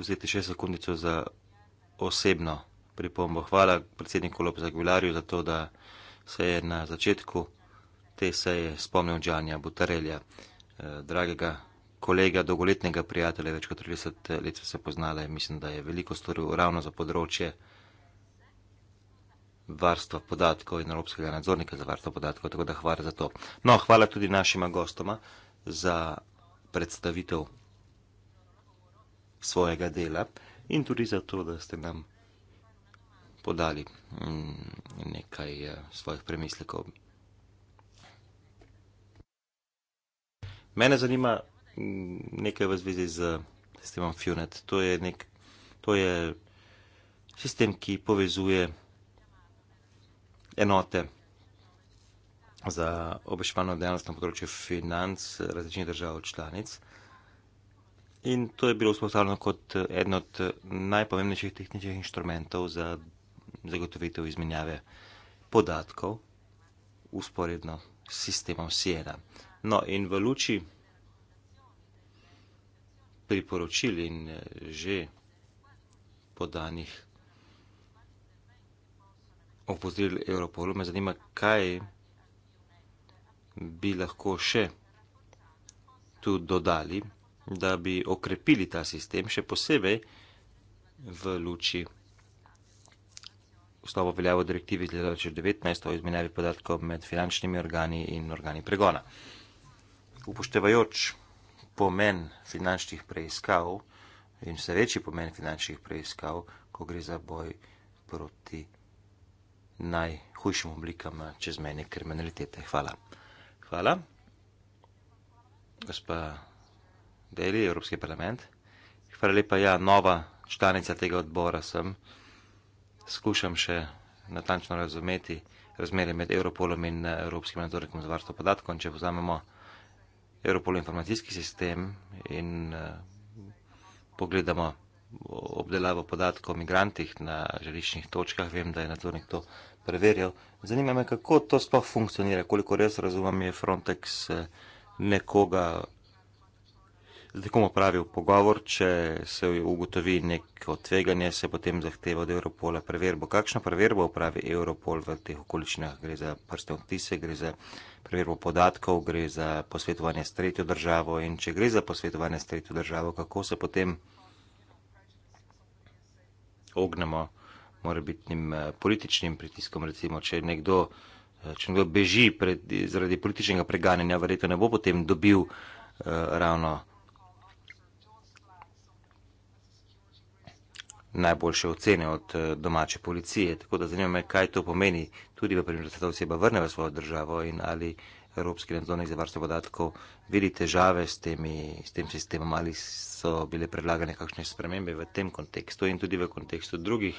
vzeti še sekundico za osebno pripombo. Hvala predsedniku Lopes Aguilarju za to, da se je na začetku te seje spomnil Džanja Butarelja, eh, dragega kolega, dolgoletnega prijatelja, več kot 30 eh, let se poznala in mislim, da je veliko storil ravno za področje varstva podatkov in Evropskega nadzornika za varstvo podatkov, tako da hvala za to. No, hvala tudi našima gostoma za predstavitev svojega dela in tudi za to, da ste nam podali mm, nekaj eh, svojih premislekov. Mene zanima mm, nekaj v zvezi z sistemom FUNET. To je, nek, to je sistem, ki povezuje enote za obveščevalno dejavnost na področju financ različnih držav članic. In to je bilo vzpostavljeno kot eh, eden od eh, najpomembnejših tehničnih inštrumentov za zagotovitev izmenjave podatkov usporedno s sistemom Sijena. No in v luči priporočil in eh, že podanih opozoril Evropolu, me zanima, kaj bi lahko še tu dodali, da bi okrepili ta sistem, še posebej v luči vstopa veljavo direktive iz leta 2019 o izmenjavi podatkov med finančnimi organi in organi pregona. Upoštevajoč pomen finančnih preiskav in vse večji pomen finančnih preiskav, ko gre za boj proti najhujšim oblikam čezmene kriminalitete. Hvala. Hvala. Gospa Deli, Evropski parlament. Hvala lepa, ja, nova članica tega odbora sem skušam še natančno razumeti razmere med Europolom in eh, Evropskim nadzornikom za varstvo podatkov. Če vzamemo Europol informacijski sistem in uh, pogledamo obdelavo podatkov o migrantih na želiščnih točkah, vem, da je nadzornik to preverjal. Zanima me, kako to sploh funkcionira, koliko res razumem, je Frontex eh, nekoga z nekom opravil pogovor, če se ugotovi neko tveganje, se potem zahteva od Europola preverbo. Kakšno preverbo upravi Europol v teh okoliščinah? Gre za prste odtise, gre za preverbo podatkov, gre za posvetovanje s tretjo državo in če gre za posvetovanje s tretjo državo, kako se potem ognemo morebitnim eh, političnim pritiskom, recimo, če nekdo. Eh, če nekdo beži pred, zaradi političnega preganjanja, verjetno ne bo potem dobil uh, ravno najboljše ocene od eh, domače policije. Tako da zanima me, kaj to pomeni, tudi v primeru, da se ta oseba vrne v svojo državo in ali Evropski nadzornik za varstvo podatkov vidi težave s, temi, s tem sistemom ali so bile predlagane kakšne spremembe v tem kontekstu in tudi v kontekstu drugih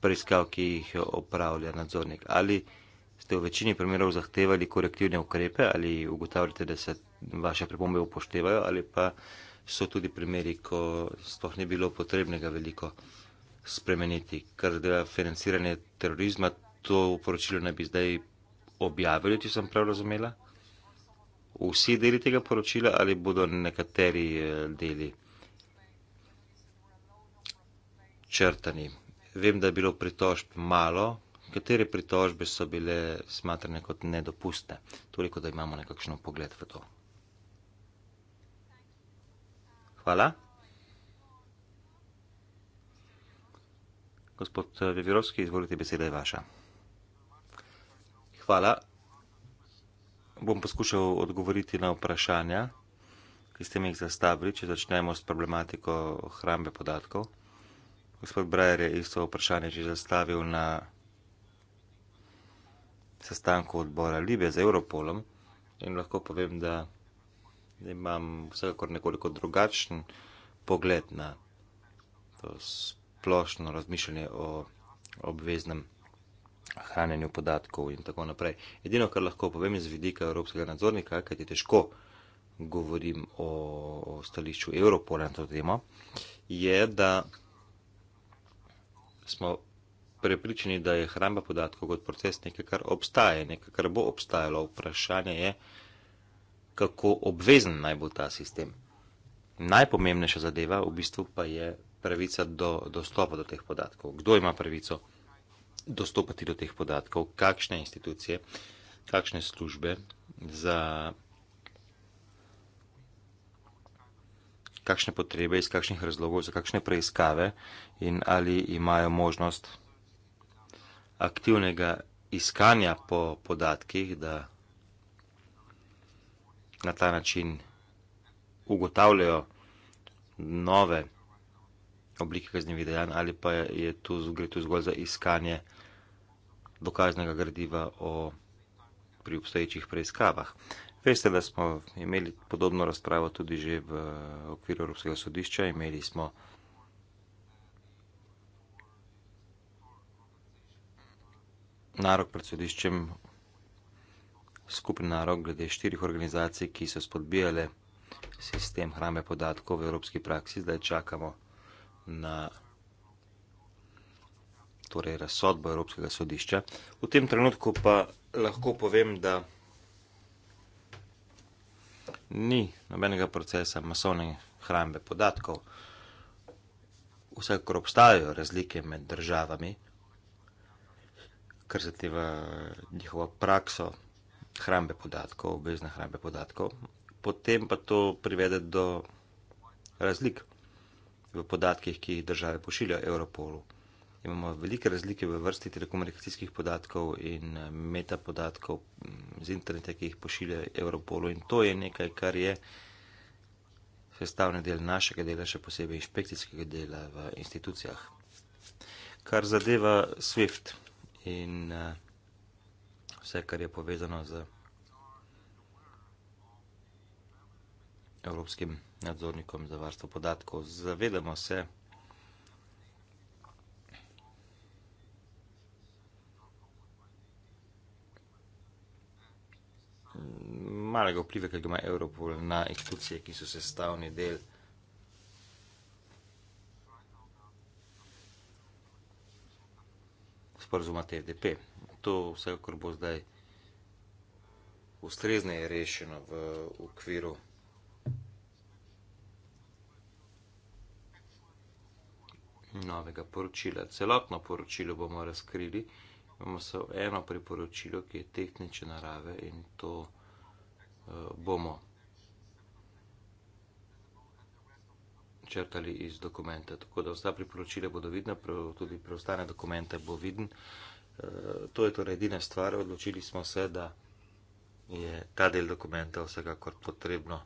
preiskav, ki jih opravlja nadzornik. Ali ste v večini primerov zahtevali korektivne ukrepe ali ugotavljate, da se vaše pripombe upoštevajo ali pa so tudi primeri, ko sploh ni bilo potrebnega veliko spremeniti. Kar zadeva financiranje terorizma, to poročilo ne bi zdaj objavili, če sem prav razumela. Vsi deli tega poročila ali bodo nekateri eh, deli črtani. Vem, da je bilo pritožb malo, katere pritožbe so bile smatrane kot nedopustne. Toliko, da imamo nekakšno pogled v to. Hvala. Gospod eh, Vivirovski, izvolite, beseda je vaša. Hvala. Bom poskušal odgovoriti na vprašanja, ki ste mi jih zastavili, če začnemo s problematiko hrambe podatkov. Gospod Brajer je isto vprašanje že zastavil na sestanku odbora Libe z Europolom in lahko povem, da imam vsekakor nekoliko drugačen pogled na to splošno razmišljanje o obveznem hranjenju podatkov in tako naprej. Edino, kar lahko povem iz vidika evropskega nadzornika, kaj je težko govorim o stališču Evropola na to temo, je, da smo prepričani, da je hranba podatkov kot proces nekaj, kar obstaja, nekaj, kar bo obstajalo. Vprašanje je, kako obvezen naj bo ta sistem. Najpomembnejša zadeva v bistvu pa je pravica do dostopa do teh podatkov. Kdo ima pravico dostopati do teh podatkov, kakšne institucije, kakšne službe za kakšne potrebe, iz kakšnih razlogov, za kakšne preiskave in ali imajo možnost aktivnega iskanja po podatkih, da na ta način ugotavljajo nove oblike kaznjivih dejanj ali pa je tu, gre tu zgolj za iskanje dokaznega gradiva o, pri obstoječih preiskavah. Veste, da smo imeli podobno razpravo tudi že v okviru Evropskega sodišča. Imeli smo narok pred sodiščem skupni narok glede štirih organizacij, ki so spodbijale sistem hrame podatkov v evropski praksi. Zdaj čakamo na torej, razsodbo Evropskega sodišča. V tem trenutku pa lahko povem, da ni nobenega procesa masovne hrambe podatkov. Vsekakor obstajajo razlike med državami, kar se tiče njihovo prakso hrambe podatkov, obvezne hrambe podatkov, potem pa to privede do razlik v podatkih, ki jih države pošiljajo Europolu. Imamo velike razlike v vrsti telekomunikacijskih podatkov in eh, metapodatkov mm, z interneta, ki jih pošilja Europolu. In to je nekaj, kar je sestavni del našega dela, še posebej inšpekcijskega dela v institucijah. Kar zadeva SWIFT in uh, vse, kar je povezano z Evropskim nadzornikom za varstvo podatkov. Zavedamo se, malega vpliva, ki ga ima Evropol na institucije, ki so sestavni del sporozuma TFDP to vse, kar bo zdaj ustrezno rešeno v okviru novega poročila. Celotno poročilo bomo razkrili, imamo samo eno priporočilo, ki je tehnične narave in to eh, bomo črtali iz dokumenta. Tako da vsa priporočila bodo vidna, tudi preostane dokumente bo vidno to je torej edina stvar, odločili smo se, da je ta del dokumenta vsekakor potrebno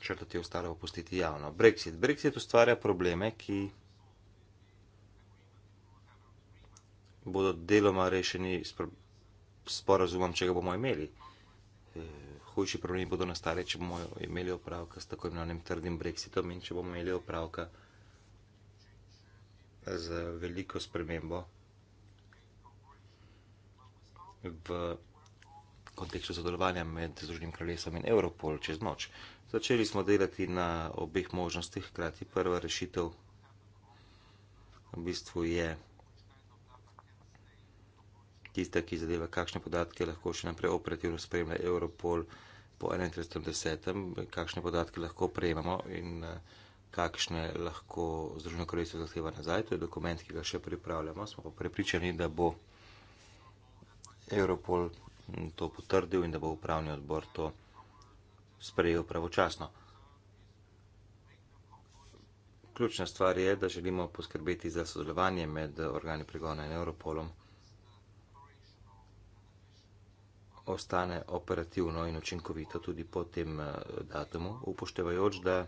črtati in ostalo opustiti javno. Brexit. Brexit ustvarja probleme, ki bodo deloma rešeni s porazumom, če ga bomo imeli. Eh, hujši problemi bodo nastali, če bomo imeli opravka s tako imenovanim trdim brexitom in če bomo imeli opravka s tako imenovanim trdim brexitom z veliko spremembo v kontekstu sodelovanja med Združenim kraljestvom in Europol čez noč. Začeli smo delati na obeh možnostih, hkrati prva rešitev v bistvu je tista, ki zadeva, kakšne podatke lahko še naprej operativno spremlja Europol po 31.10., kakšne podatke lahko prejemamo in uh, kakšne lahko Združeno kraljestvo zahteva nazaj. To je dokument, ki ga še pripravljamo. Smo pa prepričani, da bo Europol to potrdil in da bo upravni odbor to sprejel pravočasno. Ključna stvar je, da želimo poskrbeti za sodelovanje med organi pregona in Europolom. Ostane operativno in učinkovito tudi po tem eh, datumu, upoštevajoč, da.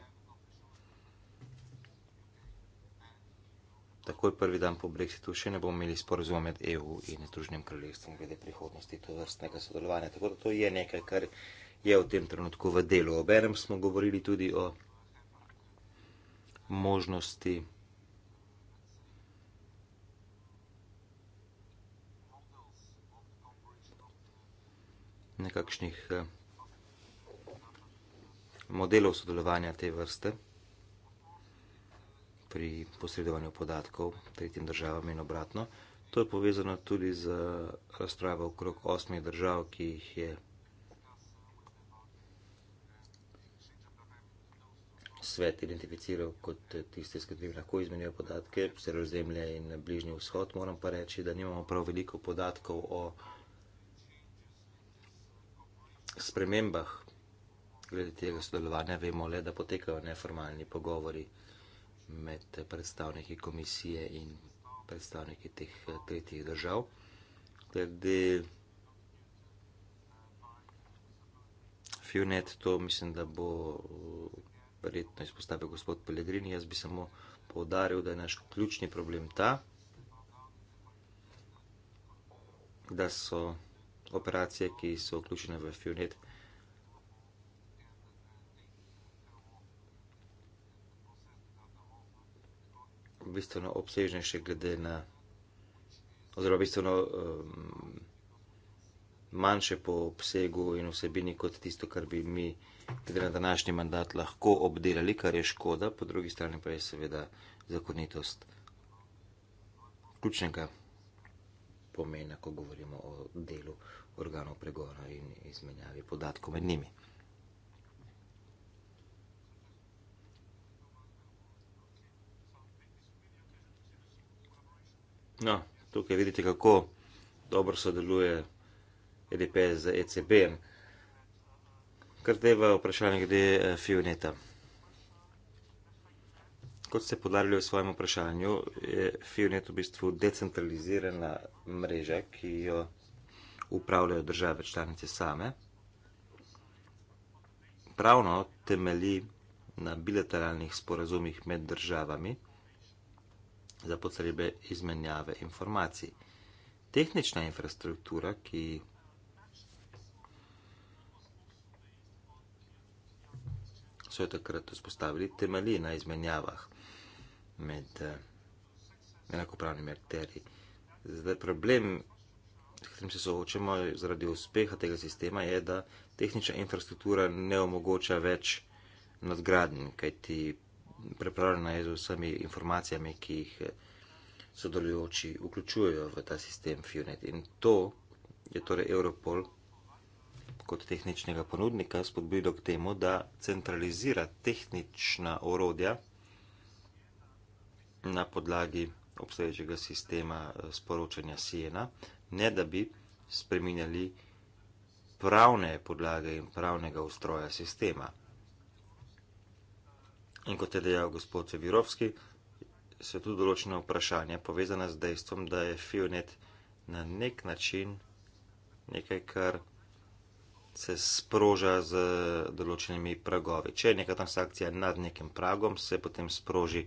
takoj prvi dan po Brexitu še ne bomo imeli sporozuma med EU in Združenim kraljestvom glede prihodnosti to vrstnega sodelovanja. Tako da to je nekaj, kar je v tem trenutku v delu. Oberem smo govorili tudi o možnosti. nekakšnih eh, modelov sodelovanja te vrste pri posredovanju podatkov tretjim državam in obratno. To je povezano tudi z razpravo okrog osmih držav, ki jih je svet identificiral kot tiste, s katerimi lahko izmenjujejo podatke, sredozemlje in bližnji vzhod. Moram pa reči, da nimamo prav veliko podatkov o spremembah glede tega sodelovanja. Vemo le, da potekajo neformalni pogovori med predstavniki komisije in predstavniki teh tretjih držav. Glede FUNET, to mislim, da bo verjetno izpostavil gospod Pellegrini. Jaz bi samo povdaril, da je naš ključni problem ta, da so operacije, ki so vključene v FUNET, bistveno obsežnejše glede na, oziroma bistveno um, manjše po obsegu in vsebini kot tisto, kar bi mi, glede na današnji mandat, lahko obdelali, kar je škoda, po drugi strani pa je seveda zakonitost ključnega pomena, ko govorimo o delu organov pregona in izmenjavi podatkov med njimi. No, tukaj vidite, kako dobro sodeluje EDP z ECB. Kar deva vprašanje, kde je eh, Fioneta. Kot ste podarili v svojem vprašanju, je Fionet v bistvu decentralizirana mreža, ki jo upravljajo države članice same. Pravno temelji na bilateralnih sporazumih med državami, za potrebe izmenjave informacij. Tehnična infrastruktura, ki so jo takrat vzpostavili, temelji na izmenjavah med eh, enakopravnimi arterji. Zdaj problem, s katerim se soočamo zaradi uspeha tega sistema, je, da tehnična infrastruktura ne omogoča več nadgradnje, kajti prepravljena je z vsemi informacijami, ki jih eh, sodelujoči vključujejo v ta sistem FUNET. In to je torej Europol kot tehničnega ponudnika spodbudo k temu, da centralizira tehnična orodja na podlagi obstoječega sistema eh, sporočanja Siena, ne da bi spreminjali pravne podlage in pravnega ustroja sistema. In kot je dejal gospod Virovski, so tu določene vprašanja povezane z dejstvom, da je Fionet na nek način nekaj, kar se sproža z določenimi pragovi. Če je neka transakcija nad nekim pragom, se potem sproži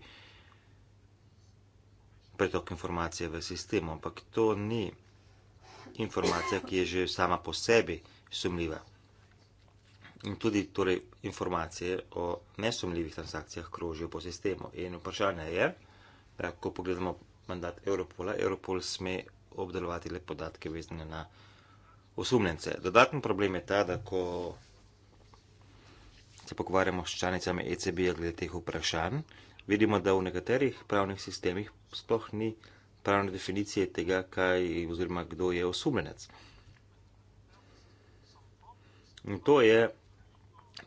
pretok informacije v sistemu, ampak to ni informacija, ki je že sama po sebi sumljiva. In tudi torej, informacije o nesumljivih transakcijah krožijo po sistemu. In vprašanje je, da ko pogledamo mandat Europola, Europol sme obdelovati le podatke vezane na osumljence. Dodatni problem je ta, da ko se pogovarjamo s članicami ECB glede teh vprašanj, vidimo, da v nekaterih pravnih sistemih sploh ni pravne definicije tega, kaj oziroma kdo je osumljenec. In to je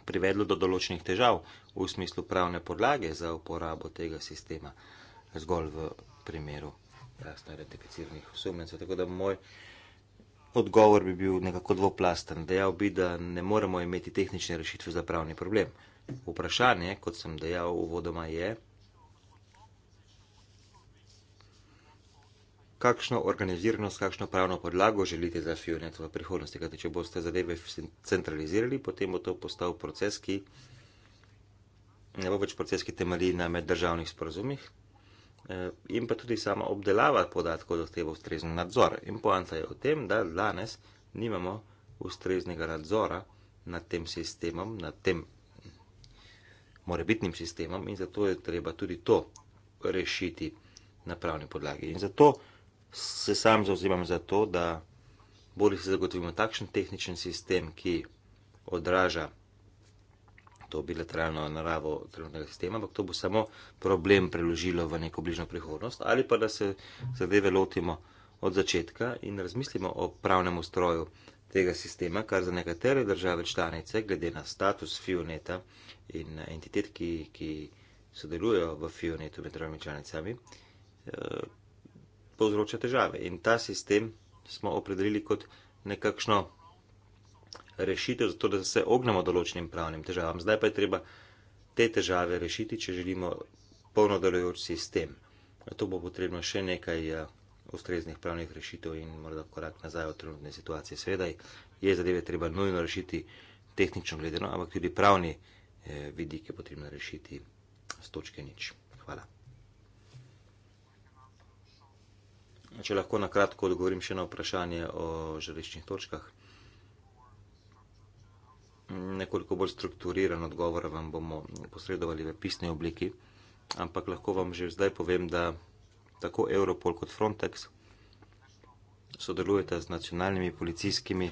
privedlo do določenih težav v smislu pravne podlage za uporabo tega sistema, zgolj v primeru jasno eh, identificiranih osumljencev. Tako da moj odgovor bi bil nekako dvoplasten. Dejal bi, da ne moremo imeti tehnične rešitve za pravni problem. Vprašanje, kot sem dejal uvodoma, je, kakšno organiziranost, kakšno pravno podlago želite za Fionet v prihodnosti. Kajte, če boste zadeve centralizirali, potem bo to postal proces, ki ne bo več proces, ki temelji na meddržavnih sporazumih eh, in pa tudi sama obdelava podatkov zahteva ustrezen nadzor. In poanta je v tem, da danes nimamo ustreznega nadzora nad tem sistemom, nad tem morebitnim sistemom in zato je treba tudi to rešiti na pravni podlagi. In zato se sam zauzemam za to, da bolj si zagotovimo takšen tehničen sistem, ki odraža to bilateralno naravo trenutnega sistema, ampak to bo samo problem preložilo v neko bližnjo prihodnost, ali pa da se zadeve lotimo od začetka in razmislimo o pravnem ustroju tega sistema, kar za nekatere države članice, glede na status FIONETA in entitet, ki, ki sodelujo v FIONETu med državami članicami, eh, povzroča težave. In ta sistem smo opredelili kot nekakšno rešitev, zato da se ognemo določenim pravnim težavam. Zdaj pa je treba te težave rešiti, če želimo polno delujoč sistem. To bo potrebno še nekaj eh, ustreznih pravnih rešitev in morda korak nazaj v trenutne situacije. Sveda je zadeve treba nujno rešiti tehnično gledano, ampak tudi pravni eh, vidik je potrebno rešiti z točke nič. Hvala. Če lahko na kratko odgovorim še na vprašanje o žariščnih točkah. Nekoliko bolj strukturiran odgovor vam bomo posredovali v pisni obliki, ampak lahko vam že zdaj povem, da tako Europol kot Frontex sodelujete z nacionalnimi policijskimi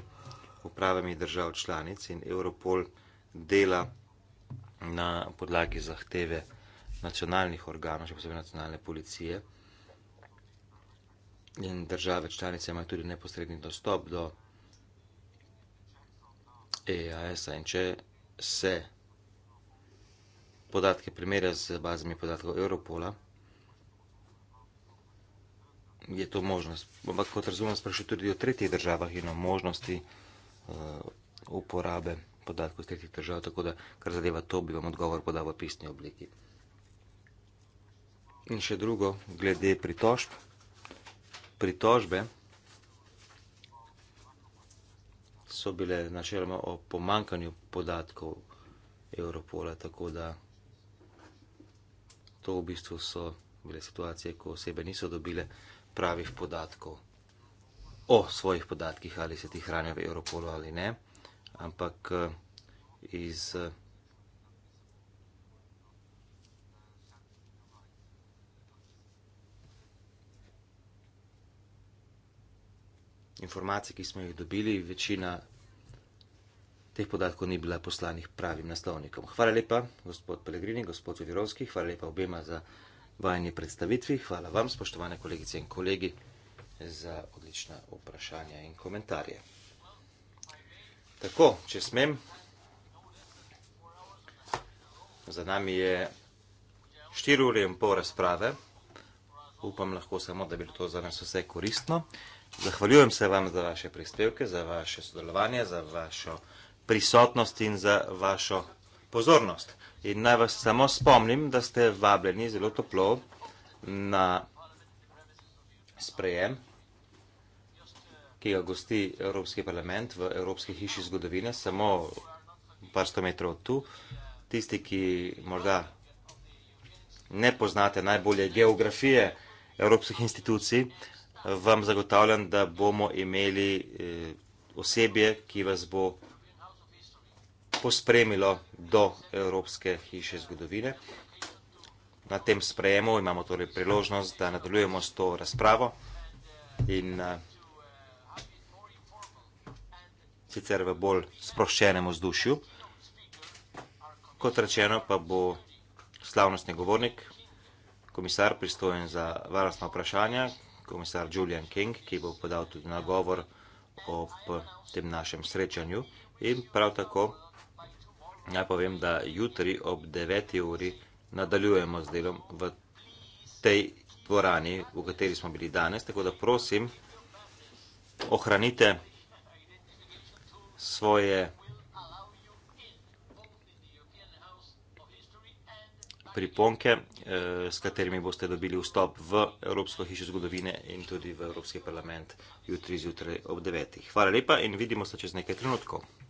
upravami držav članic in Europol dela na podlagi zahteve nacionalnih organov, še posebej nacionalne policije in države članice imajo tudi neposredni dostop do EAS-a in če se podatke primerja z bazami podatkov Europola, je to možnost. Ampak kot razumem, sprašujem tudi o tretjih državah in o možnosti uh, uporabe podatkov iz tretjih držav, tako da kar zadeva to, bi vam odgovor podal v pisni obliki. In še drugo, glede pritožb pritožbe so bile načeloma o pomankanju podatkov Europola, tako da to v bistvu so bile situacije, ko osebe niso dobile pravih podatkov o svojih podatkih, ali se ti hranijo v Europolu ali ne, ampak eh, iz eh, informacij, ki smo jih dobili, večina teh podatkov ni bila poslanih pravim naslovnikom. Hvala lepa, gospod Pelegrini, gospod Vivirovski, hvala lepa obema za vajanje predstavitvi, hvala vam, spoštovane kolegice in kolegi, za odlična vprašanja in komentarje. Tako, če smem, za nami je štiri ure in pol razprave. Upam lahko samo, da bi to za nas vse koristno. Zahvaljujem se vam za vaše prispevke, za vaše sodelovanje, za vašo prisotnost in za vašo pozornost. In naj vas samo spomnim, da ste vabljeni zelo toplo na sprejem, ki ga gosti Evropski parlament v Evropski hiši zgodovine, samo par sto metrov od tu. Tisti, ki morda ne poznate najbolje geografije evropskih institucij, vam zagotavljam, da bomo imeli eh, osebje, ki vas bo pospremilo do Evropske hiše zgodovine. Na tem sprejemu imamo torej priložnost, da nadaljujemo s to razpravo in eh, sicer v bolj sproščenem vzdušju. Kot rečeno pa bo slavnostni govornik, komisar pristojen za varnostna vprašanja, komisar Julian King, ki bo podal tudi nagovor ob tem našem srečanju. In prav tako naj povem, da jutri ob 9. uri nadaljujemo z delom v tej dvorani, v kateri smo bili danes. Tako da prosim, ohranite svoje. priponke, eh, s katerimi boste dobili vstop v Evropsko hišo zgodovine in tudi v Evropski parlament jutri zjutraj ob 9. Hvala lepa in vidimo se čez nekaj trenutkov.